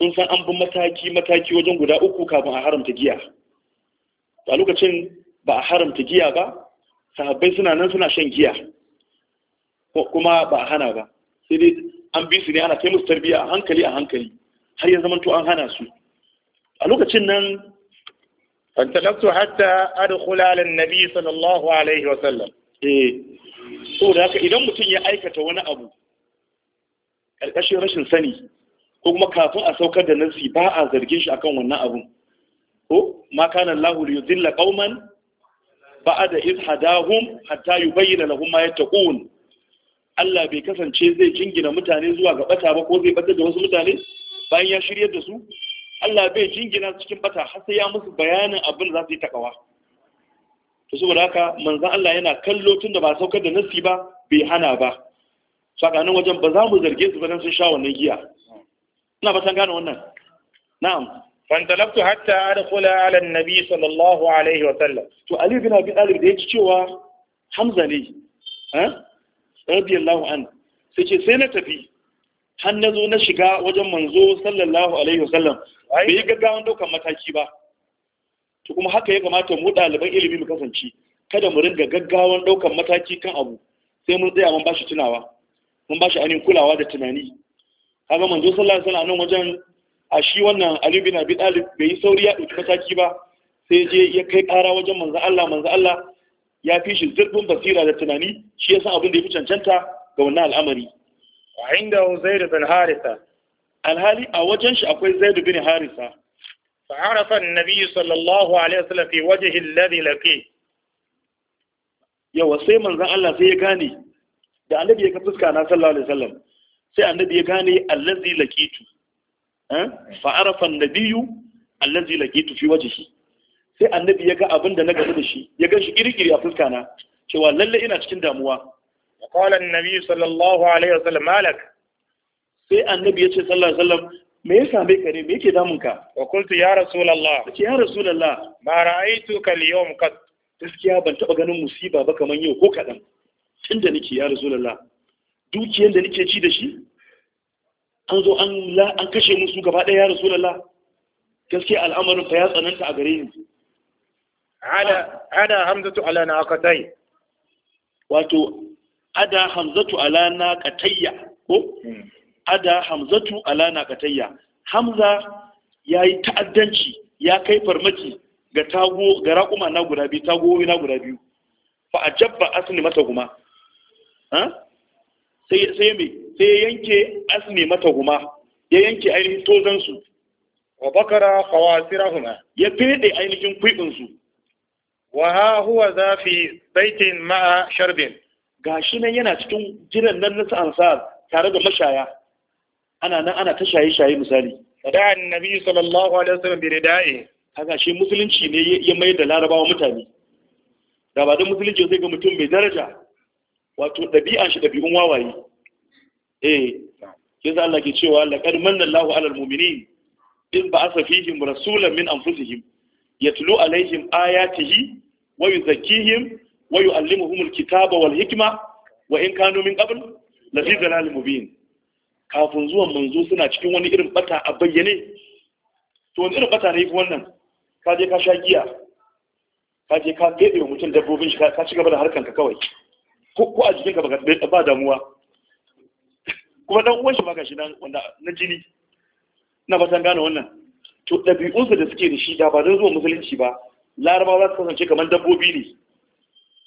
in san an bi mataki mataki wajen guda uku kafin a haramta giya a lokacin ba a haramta giya ba sahabbai suna nan suna shan giya kuma ba a hana ba sai dai an bi su ne ana kai musu tarbiyya a hankali a hankali har ya zamanto an hana su a lokacin nan talabtu hatta adkhula ala nabi sallallahu alaihi wa sallam eh saboda haka idan mutum ya aikata wani abu ƙarƙashin rashin sani ko kuma kafin a saukar da nasi ba a zargin shi akan wannan abu ko ma kana Allahu yudilla qauman ba'da iz hadahum hatta yubayyana lahum ma yattaqun Allah bai kasance zai jingina mutane zuwa ga bata ba ko zai bata da wasu mutane bayan ya shiryar da su Allah bai jingina cikin bata har sai ya musu bayanin abin za su yi takawa to saboda haka manzan Allah yana kallo tun da ba saukar da nasi ba bai hana ba sakanin wajen ba za mu zarge su bayan sun sha wannan giya ina ba san gane wannan na'am fantalabtu hatta adkhula ala annabi sallallahu alaihi wa sallam to ali bin abi talib da yake cewa hamza ne eh radiyallahu an sai ce sai na tafi har na zo na shiga wajen manzo sallallahu alaihi wa sallam bai gaggawan daukan mataki ba to kuma haka ya kamata mu ɗaliban ilimi mu kasance kada mu ringa gaggawan ɗaukan mataki kan abu sai mun tsaya mun bashi tunawa mun bashi ainihin kulawa da tunani kaga manzo sallallahu alaihi wasallam wajen a shi wannan Ali bin Abi Talib bai yi sauri ya ɗauki mataki ba sai je ya kai ƙara wajen manzo Allah manzo Allah ya fi shi zurfin basira da tunani shi ya san abin da ya fi cancanta ga wannan al'amari Wa inda Zaid bin Harisa alhali a wajen shi akwai Zaid bin Harisa فعرف النبي صلى الله عليه wajen في وجه الذي لقيه yawa sai manzan Allah sai ya gane da annabi ya ka fuska na sallallahu alaihi wasallam sai annabi ya gane allazi lakitu fa arafa annabiyyu allazi lakitu fi wajhi sai annabi ya ga abin da na gamu da shi ya gan shi kirkiri a fuska na cewa lalle ina cikin damuwa qala annabi sallallahu alaihi wasallam malak sai annabi ya ce sallallahu alaihi wasallam me ya same ka ne me yake damun ka wa kuntu ya rasulullah ce ya rasulullah ma ra'aitu ka yawm ka gaskiya ban taba ganin musiba ba kaman yau ko kadan tunda nake ya rasulullah dukiyar da nake ci da shi an zo an la an kashe musu gaba daya ya rasulullah gaskiya al'amarin fa ya tsananta a gare ni ala ada hamzatu ala naqatay wato ada hamzatu ala naqatayya ko hmm. ada hamzatu ala naqatayya hamza yayi ta'addanci ya kai farmaki ga tago ga raƙuma na guda biyu tago na guda biyu fa ajabba asni mata guma ha sai sai me sai yanke asni mata guma ya yanke ainihin tozan su wa bakara fawasirahuma ya fede ainihin kuibin su wa ha huwa za fi baitin ma'a sharbin gashi nan yana cikin jiran nan na ansar tare da mashaya ana nan ana ta shaye-shaye misali fada annabi sallallahu alaihi wasallam bi rida'i kaga shi musulunci ne ya mayar da larabawa mutane da ba don musulunci zai ga mutum mai daraja wato ɗabi'an shi ɗabi'un wawaye eh ya yasa Allah ke cewa laqad manna Allahu 'alal mu'minin in ba'atha fihim rasulan min anfusihim yatlu 'alayhim ayatihi wa yuzakkihim wa yu'allimuhum al-kitaba wal hikma wa in kanu min qabl lafi dhalalin mubin kafin zuwan manzo suna cikin wani irin bata a bayyane to wani irin bata ne yi wannan ka je ka sha giya ka je ka gaɗe wa mutum dabbobin shi ka ci gaba da harkanka kawai ko a jikinka ba ba damuwa kuma dan uwan shi ma gashi nan wanda na jini na fatan gane wannan to ɗabi'unsa da suke da shi da ba don zuwa musulunci ba larabawa za su kasance kamar dabbobi ne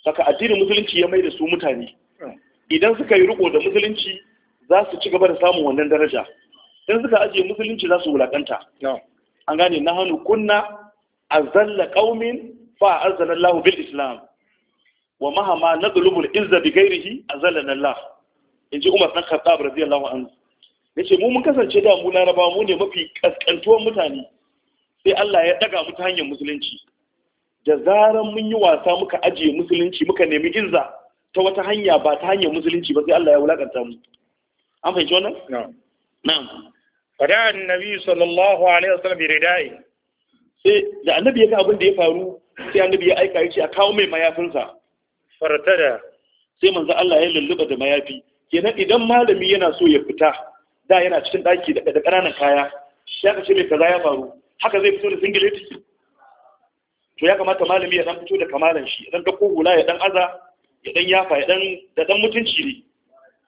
saka addinin musulunci ya mai da su mutane idan suka yi riko da musulunci za su ci gaba da samun wannan daraja in suka ajiye musulunci za su wulakanta an gane na hannu kunna azalla qaumin fa azalla Allah bil islam wa mahama nadlubul izza bi ghairihi azallana Allah inji Umar bin Khattab radiyallahu anhu yace mu mun kasance da mu laraba mu ne mafi kaskantuwan mutane sai Allah ya daga mu ta hanyar musulunci da zaran mun yi wasa muka ajiye musulunci muka nemi izza ta wata hanya ba ta hanyar musulunci ba sai Allah ya wulakanta mu an fahimci wannan na'am fada annabi sallallahu alaihi wasallam bi ridai sai da annabi ya ga abin da ya faru sai annabi ya aika ya ce a kawo mai mayafinsa fartada sai manzo Allah ya lulluba da mayafi kenan idan malami yana so ya fita da yana cikin daki da da ƙananan kaya ya aka ce mai kaza ya faru haka zai fito da singlet to ya kamata malami ya dan fito da kamalan shi dan ga hula ya dan aza ya dan yafa ya dan da dan mutunci ne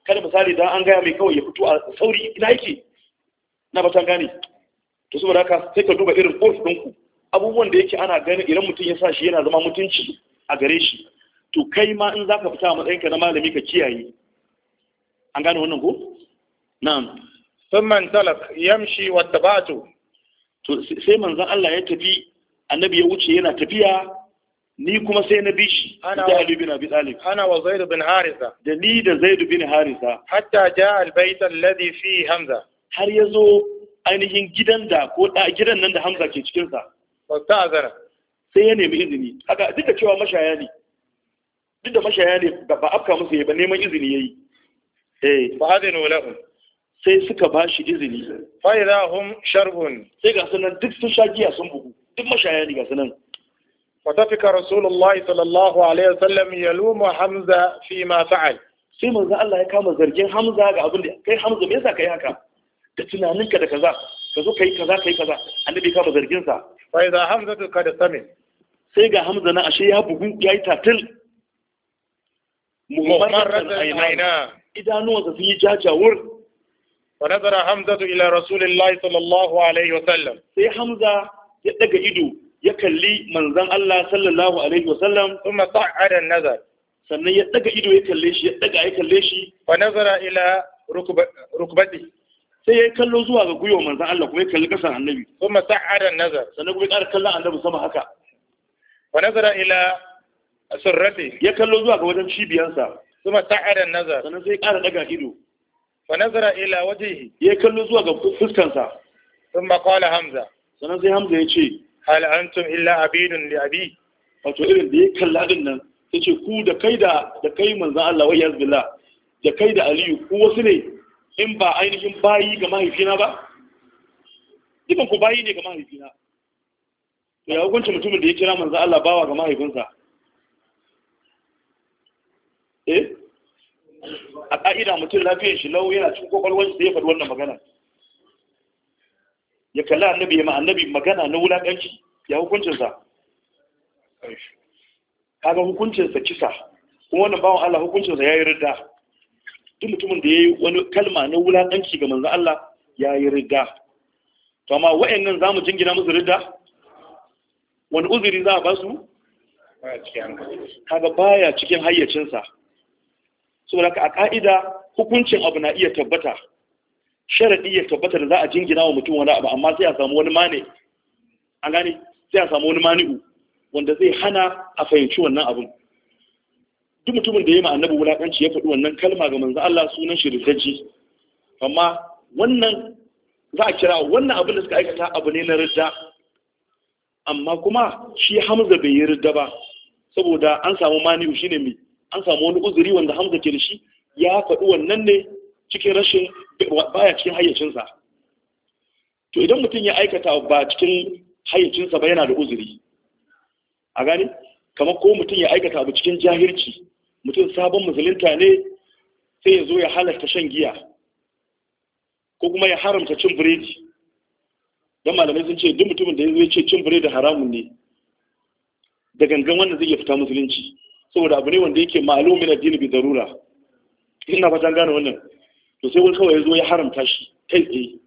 kada misali idan an gaya mai kawai ya fito a sauri ina yake na batan gane to saboda haka sai ka duba irin ƙorf ɗinku abubuwan da yake ana ganin idan mutum ya sa shi yana zama mutunci a gare shi to kai ma in za ka fita a matsayinka na malami ka kiyaye an gane wannan ko na'am sun man talak yamshi wa tabatu to sai manzon Allah ya tafi annabi ya wuce yana tafiya ni kuma sai na bishi ana da Ali bin Abi Talib ana wa Zaid bin Harisa da ni da Zaid bin Harisa hatta jaa al-bayt alladhi fi Hamza har yazo ainihin gidan da ko da gidan nan da Hamza ke cikin sa fasta'azara sai ya nemi izini haka duk da cewa mashaya ne duk da mashaya ne ba afka musu yayi ba neman izini yayi eh fa adinu lahum sai suka ba shi izini fa idahum sharbun sai ga sunan duk sun sha giya sun bugu duk mashaya ne ga sunan فتفك رسول الله صلى الله عليه وسلم يلوم حمزة فيما فعل sai manzo Allah ya kama zargin Hamza ga abin da kai Hamza me yasa kai haka da tunaninka da kaza ka zo kai kaza kai kaza annabi kama zargin sa fa idza Hamza ka da sami sai ga Hamza na ashe ya bugu yayi tatil muhammadan aina idanuwansa sun yi jajawur wa nazara Hamza ila Rasulillahi sallallahu alaihi wa sallam sai Hamza ya daga ido ya kalli manzon Allah sallallahu alaihi wasallam kuma da nazar sannan ya daga ido ya kalle shi ya daga ya kalle shi fa nazara ila rukbati sai ya kallo zuwa ga gwiwa manzon Allah kuma ya kalli kasan annabi kuma da nazar sannan kuma ya ƙara kallon annabi sama haka fa nazara ila sirrati ya kallo zuwa ga wajen cibiyansa kuma da nazar sannan sai ya ƙara daga ido fa nazara ila wajhihi ya kallo zuwa ga fuskansa kuma qala hamza sannan sai hamza ya ce hal antum illa abidun li abi wato irin da ya kalla din nan yace ku da kai da da kai manzo Allah wa yazbilla da kai da Aliyu ku wasu ne in ba ainihin bayi ga mahaifina ba idan ku bayi ne ga mahaifina to ya hukunta mutumin da ya kira manzo Allah bawa ga mahaifinsa eh a ka'ida mutum lafiyar shi lau yana cikin kwakwalwar shi da ya faɗi wannan magana ya kalli annabi ya annabi magana na wulaƙanci ya hukuncinsa kaga hukuncinsa kisa kuma wannan bawan Allah hukuncinsa ya yi ridda duk mutumin da ya yi wani kalma na wulaƙanci ga manzan Allah ya yi ridda to amma wa'annan za mu jingina musu ridda wani uzuri za a ba su kaga baya cikin hayyacinsa saboda ka a ka'ida hukuncin abu na iya tabbata Sharaɗi ya tabbata da za a jingina wa mutum wani abu amma sai a samu wani mani a gani sai a samu wani mani'u wanda zai hana a fahimci wannan abun duk mutumin da ya yi annabi wulaƙanci ya faɗi wannan kalma ga manzo Allah sunan shi riddaji amma wannan za a kira wannan abin da suka aikata abu ne na ridda amma kuma shi Hamza bai yi ridda ba saboda an samu mani'u shine mai an samu wani uzuri wanda Hamza ke da shi ya faɗi wannan ne cikin rashin baya cikin hayyacinsa to idan mutum ya aikata ba cikin hayyacinsa ba yana da uzuri a gani kamar ko mutum ya aikata abu cikin jahirci mutum sabon musulunta ne sai ya zo ya halarta shan giya ko kuma ya haramta cin biredi don malamai sun ce duk mutumin da ya zai ce cin biredi haramun ne da gangan wannan zai iya fita musulunci saboda abu ne wanda yake ma'alumin addini bi darura ina fatan gane wannan to sai wani kawai ya zo ya haramta shi kai tsaye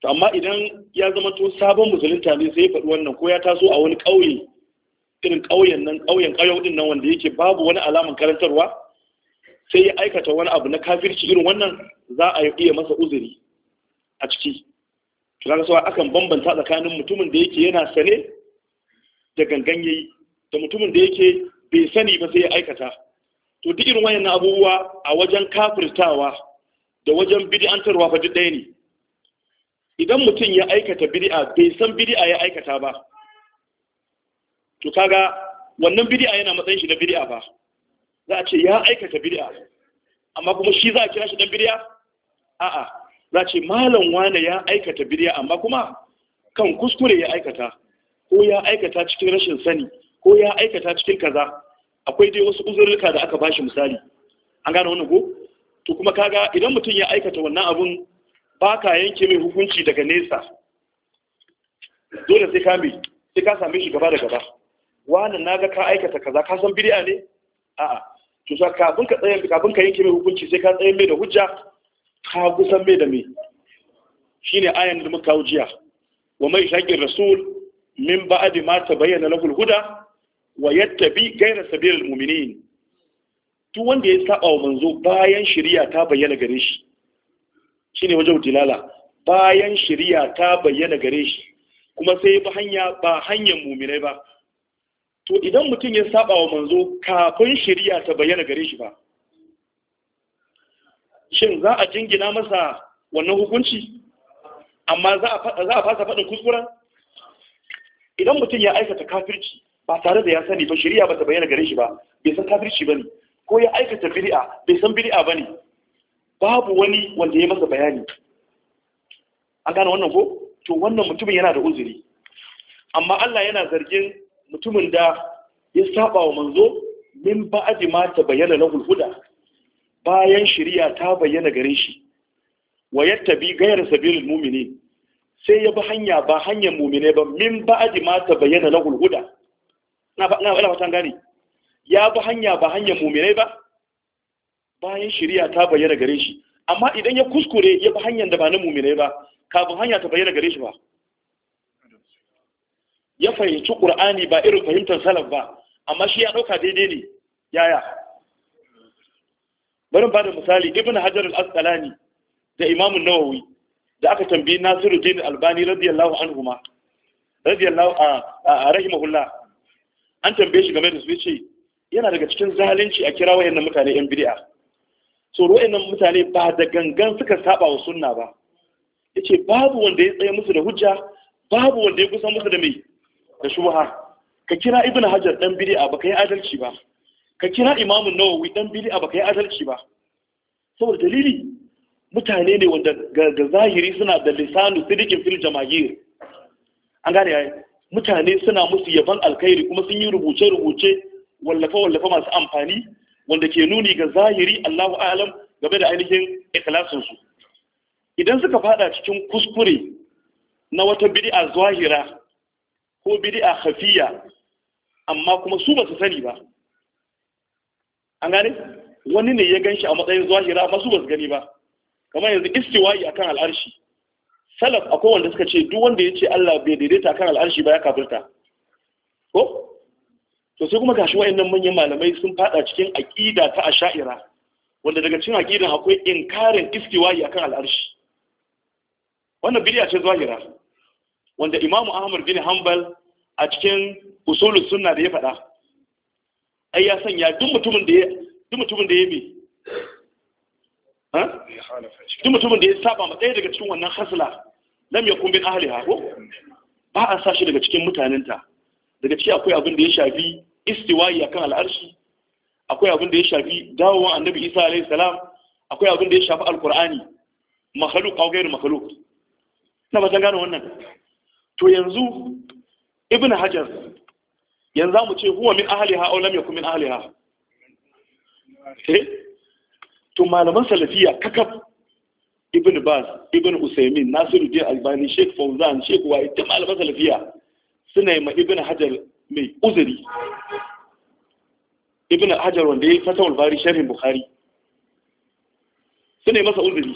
to amma idan ya zama to sabon musulunta ne sai ya faɗi wannan ko ya taso a wani ƙauye irin ƙauyen nan ƙauyen ƙauyen nan wanda yake babu wani alaman karantarwa sai ya aikata wani abu na kafirci irin wannan za a iya masa uzuri a ciki to kaga sai akan bambanta tsakanin mutumin da yake yana sane da gangan yayi da mutumin da yake bai sani ba sai ya aikata to duk irin wayannan abubuwa a wajen kafirtawa da wajen bid'antarwa fa duk ɗaya ne idan mutum ya aikata bid'a bai san bid'a ya aikata ba to kaga wannan bid'a yana matsayin shi na bid'a ba za a ce ya aikata bid'a amma kuma shi za a kira shi dan bid'a a'a za a ce malam wani ya aikata bid'a amma kuma kan kuskure ya aikata ko ya aikata cikin rashin sani ko ya aikata cikin kaza akwai dai wasu uzurruka da aka bashi misali an gane wannan ko to kuma kaga idan mutum ya aikata wannan abun ba ka yanke mai hukunci daga nesa dole sai ka mai sai ka same shi gaba da gaba wannan naga ka aikata kaza ka san bid'a ne a'a to sai kafin ka tsaya kafin ka yanke mai hukunci sai ka tsaya mai da hujja ka gusan mai da me shine ayan da muka kawo jiya wa mai shaqir rasul min ba'di ma tabayyana lahul huda wa yattabi gaira sabil mu'minin duk wanda ya saba wa manzo bayan shari'a ta bayyana gare shi shine wajen dilala bayan shari'a ta bayyana gare shi kuma sai ba hanya ba hanyar mu'minai ba to idan mutum ya saba wa manzo kafin shari'a ta bayyana gare shi ba shin za a jingina masa wannan hukunci amma za a fasa faɗin kuskuren idan mutum ya aikata kafirci ba tare da ya sani ba shari'a ba ta bayyana gare shi ba bai san kafirci ba ne ko ya aikata bid'a bai san bid'a ba ne babu wani wanda ya masa bayani an gane wannan ko to wannan mutumin yana da uzuri amma Allah yana zargin mutumin da ya saba wa manzo min ba'di ma ta bayyana na hulhuda bayan shari'a ta bayyana gare shi wa yattabi ghayra sabilil mu'minin sai ya bi hanya ba hanyar mu'mine ba min ba'di ma ta bayyana na hulhuda na fatan gani ya bi hanya ba hanyar muminai ba bayan shirya ta bayyana gare shi amma idan ya kuskure ya bi hanyar da ba na muminai ba kafin hanya ta bayyana gare shi ba ya fahimci ƙur'ani ba irin fahimtar salaf ba amma shi ya ɗauka daidai ne yaya barin ba da misali ibn hajar al da Imamun nawawi da aka tambayi nasiruddin albani radiyallahu ma, radiyallahu a ah, ah, rahimahullah an tambaye shi game da su ya ce yana daga cikin zalunci a kira wayannan mutane yan bid'a so wayannan mutane ba da gangan suka saba wa sunna ba yace babu wanda ya tsaye musu da hujja babu wanda ya kusa musu da mai da shubha ka kira ibnu hajar dan bid'a baka yi adalci ba ka kira imamu nawawi dan bid'a baka yi adalci ba saboda dalili mutane ne wanda ga zahiri suna da lisanu sidikin fil jama'ir an gane yayi mutane suna musu yaban alkhairi kuma sun yi rubuce-rubuce wallafe-wallafe masu amfani wanda ke nuni ga zahiri Allahu alam game da ainihin ikilasinsu idan suka fada cikin kuskure na wata bid'a zahira ko bid'a khafiya amma kuma su ba su sani ba an gane wani ne ya ganshi a matsayin zahira amma su ba su gani ba kamar yanzu istiwa'i akan al'arshi salaf akwai wanda suka ce duk wanda ya ce Allah bai daidaita kan al'arshi ba ya kafirta ko to sai kuma gashi wayannan manyan malamai sun fada cikin aqida ta asha'ira wanda daga cikin aqidan akwai inkarin istiwayi akan al'arshi wannan bid'a ce zahira wanda Imam Ahmad bin Hanbal a cikin usulus sunna da ya faɗa ai ya sanya duk mutumin da ya duk mutumin da ya bi duk mutumin da ya saba ma ɗaya daga cikin wannan hasla lam yakun bin ahliha ko ba a sashi daga cikin mutanenta daga ciki akwai abin da ya shafi istiwayi akan al'arshi akwai abin da ya shafi dawowan annabi isa alayhi salam akwai abin da ya shafi alqur'ani makhluq aw ghayr makhluq na ba san gane wannan to yanzu ibn hajar yanzu mu ce huwa min ahliha aw lam yakun min ahliha eh to malaman salafiya kakab ibn bas ibn usaimin nasiru jin albani sheik fauzan sheik wa ita malamar salafiya suna yi ma ibn hajar mai uzuri ibn hajar wanda ya yi fatawar bari sharhin bukhari suna yi masa uzuri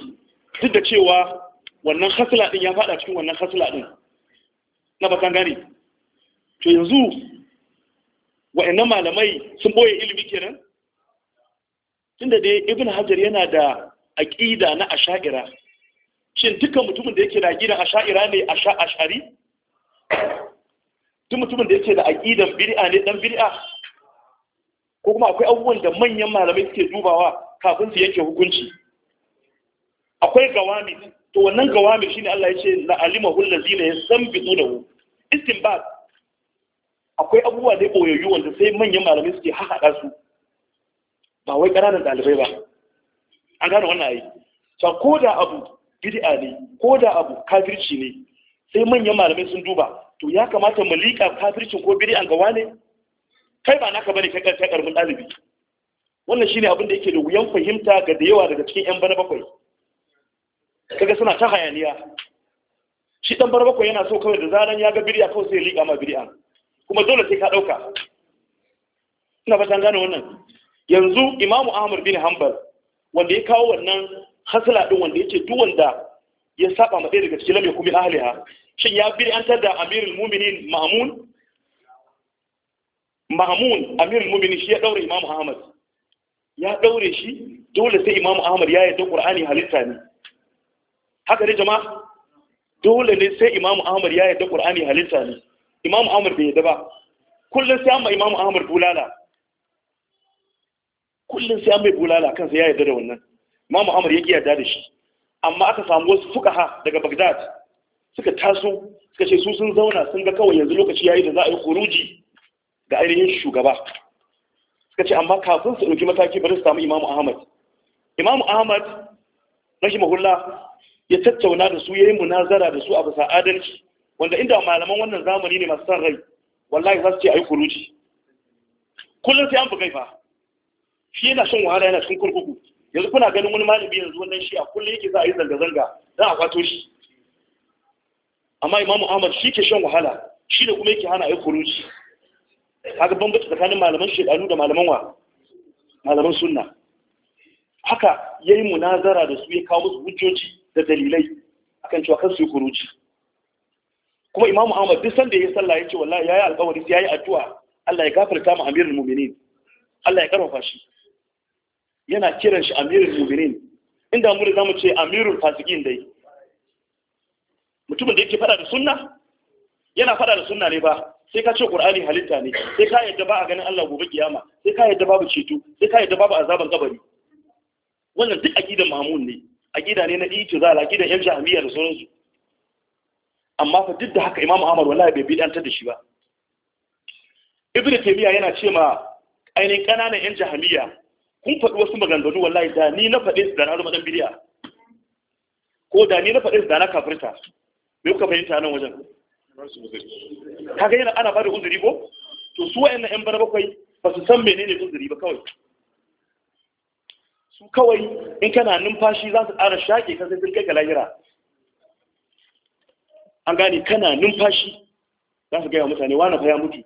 duk da cewa wannan hasila din ya fada cikin wannan hasila din na bakan gane to yanzu wa'annan malamai sun boye ilimi kenan tunda dai ibn hajar yana da aƙida na asha'ira shin dukkan mutumin da yake da aƙidan asha'ira ne a ash'ari duk mutumin da yake da aƙidan bid'a ne dan bid'a ko kuma akwai abubuwan da manyan malamai suke dubawa kafin su yanke hukunci akwai gawami to wannan gawami shine Allah ya ce la alima hullazina yasanbitu istinbat akwai abubuwa da boyoyi wanda sai manyan malamai suke haɗa su ba wai ƙananan ɗalibai ba an gane wannan ayi ta ko da abu bid'a ne ko da abu kafirci ne sai manyan malamai sun duba to ya kamata mu lika kafircin ko bid'an ga wane kai ba naka bane kai kai karbin dalibi wannan shine abin da yake da wuyan fahimta ga da yawa daga cikin yan bana bakwai kaga suna ta hayaniya shi dan bana bakwai yana so kawai da zaran ya ga bid'a kawai sai liƙa ma bid'a kuma dole sai ka dauka ina ba gane wannan yanzu imamu ahmad bin hanbal wanda ya kawo wannan hasala din wanda yake duk wanda ya saba ma daga cikin lamai kuma ahliha shin ya bi an da amirul mu'minin ma'mun ma'mun amirul mu'minin shi ya daure imamu ahmad ya daure shi dole sai imamu ahmad ya yadda qur'ani halitta ne haka ne jama'a dole ne sai imamu ahmad ya yadda qur'ani halitta ne imamu ahmad bai yadda ba kullum sai amma imamu ahmad bulala kullum sai an mai bulala kansa ya yarda da wannan imamu amr ya yarda da shi amma aka samu wasu fukaha daga bagdad suka taso suka ce su sun zauna sun ga kawai yanzu lokaci yayi da za a yi kuruji ga ainihin shugaba suka ce amma kafin su ɗauki mataki bari su samu imamu ahmad Imam ahmad rahimahullah ya tattauna da su ya yi munazara da su a bisa adalci wanda inda malaman wannan zamani ne masu san rai wallahi za su ce a yi kuruji kullum sai an bugai fa shi yana shan wahala yana cikin kurkuku yanzu kuna ganin wani malami yanzu wannan shi a kullum yake za a yi zanga-zanga za a kwato shi amma Imam ahmad shi ke shan wahala shi da kuma yake hana yi kuruci Haka bambanci tsakanin malaman shekaru da malaman wa malaman sunna haka ya yi munazara da su ya kawo musu hujjoji da dalilai akan cewa kan su yi kuruci kuma Imam ahmad duk sanda ya sallah ya ce wallahi ya yi alkawari ya yi addu'a Allah ya gafarta mu amirul mu'minin Allah ya karfafa shi yana kiran shi amirul mu'minin inda mu zamu ce amirul fasikin dai mutumin da yake fada da sunna yana fada da sunna ne ba sai ka ce qur'ani halitta ne sai ka yadda ba a ganin Allah gobe kiyama sai ka yadda babu ceto sai ka yadda babu azaban kabari wannan duk aqidar mamun ne aqida ne na itizal aqidar yan jahmiya da sunansu. amma fa duk da haka imam ahmad wallahi bai bidanta da shi ba ibnu taymiya yana ce ma ainihin kananan yan jahmiya kun faɗi wasu maganganu wallahi da ni na faɗe su da na rumadan biliya ko da ni na faɗe su da na kafirta me kuka fahimta nan wajen kaga yana ana da uzuri ko to su wayannan yan bana bakwai ba su san menene uzuri ba kawai su kawai in kana numfashi za su ƙara shaƙe kan sai sun kai ka lahira an gane kana numfashi za su gaya mutane wani fa ya mutu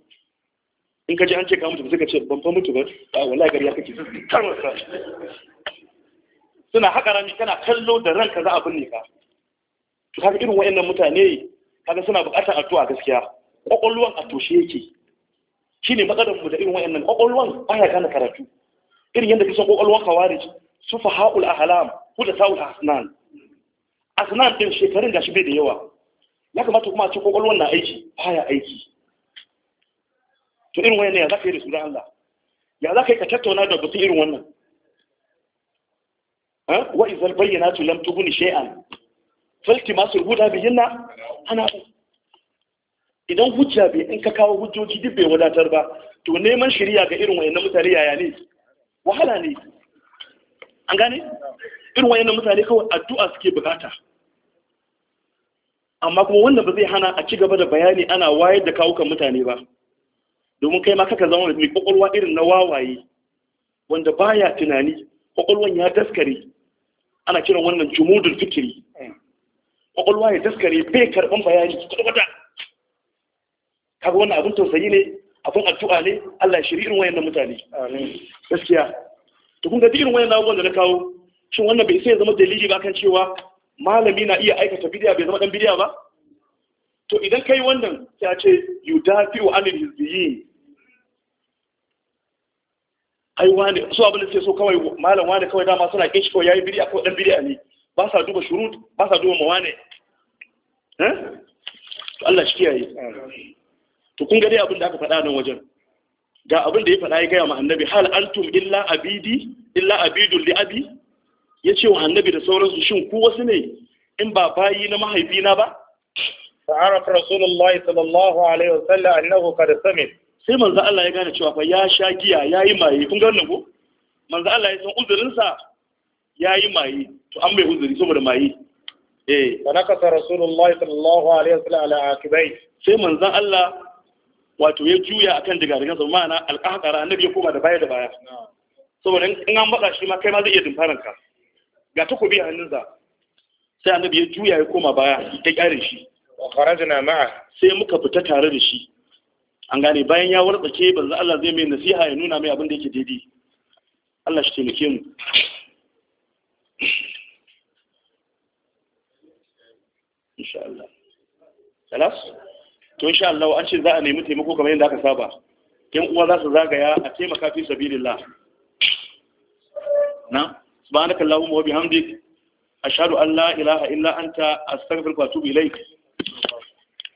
in ka ji an ce ka mutu suka ce ban fa mutu ba a ah, wallahi gari ya kake karasa suna haka rami kana kallo da ranka za a binne ka to kaga irin wayannan mutane kaga suna buƙatar addu'a gaskiya Ƙwaƙwalwan a toshe yake shine matsalar mu da irin wayannan kwakwalwan baya gane karatu irin yadda kisan kwakwalwan kawarij su a ahlam ku da sa'ul asnan asnan din shekarun gashi bai da yawa ya kamata kuma a ce ƙwaƙwalwan na aiki baya aiki to irin wannan ya za ka yi da su da Allah ya za ka yi ka tattauna da mutum irin wannan wa izal bayyana tu lam tughni shay'an falti masul huda bihinna ana idan hujja bai in ka kawo hujjoji duk bai wadatar ba to neman shari'a ga irin wayannan mutane yaya ne wahala ne an gane irin wayannan mutane kawai addu'a suke bukata amma kuma wannan ba zai hana a ci gaba da bayani ana wayar da kawukan mutane ba domin kai ma kaka zama mai kwakwalwa irin na wawaye wanda baya tunani kwakwalwan ya daskare ana kiran wannan jumudul fikiri kwakwalwa eh. ya daskare bai karban bayani kwata wata. kaga wannan abin tausayi ne abin addu'a ne Allah ya shiri irin wayannan mutane gaskiya to kun ga irin wayannan abubuwan da na kawo shin wannan bai sai ya zama dalili ba kan cewa malami na iya aikata bidiya bai zama dan bidiya ba to idan kai wannan ya ce yudafi wa amin hizbiyin ai wane, su abin da suke so kawai malam wane kawai dama suna kin shi kawai yayi bid'a ko dan bid'a ne ba sa duba shurut ba sa duba mawane eh to Allah shi kiyaye to kun ga dai abin da aka faɗa nan wajen ga abin da ya faɗa ya gaya ma annabi hal antum illa abidi illa abidul li abi yace wa annabi da sauransu shin ku wasu ne in ba bayi na mahaifina ba fa'arafa rasulullahi sallallahu alaihi wasallam annahu qad sami sai manzo Allah ya gane cewa fa ya sha giya ya yi maye kun gane ko manzo Allah ya san uzurinsa ya yi maye to an bai uzuri saboda maye eh sanaka nakasa rasulullahi sallallahu alaihi wasallam ala akibai sai manzo Allah wato ya juya akan digarigan sa ma'ana alqahqara annabi ya koma da baya da baya saboda in an baka shi ma kai ma zai iya dimfaran ka ga takobi a hannunsa sai annabi ya juya ya koma baya ta kyare shi wa kharajna ma'a sai muka fita tare da shi an gane bayan ya wartsake banza Allah zai mai nasiha ya nuna mai abin da yake daidai Allah shi taimake mu insha Allah salas to insha Allah an ce za a nemi taimako kamar yadda aka saba yan uwa za su zagaya a taimaka fi sabilillah na subhanakallahumma wa bihamdik ashhadu an la ilaha illa anta astaghfiruka wa atubu ilaik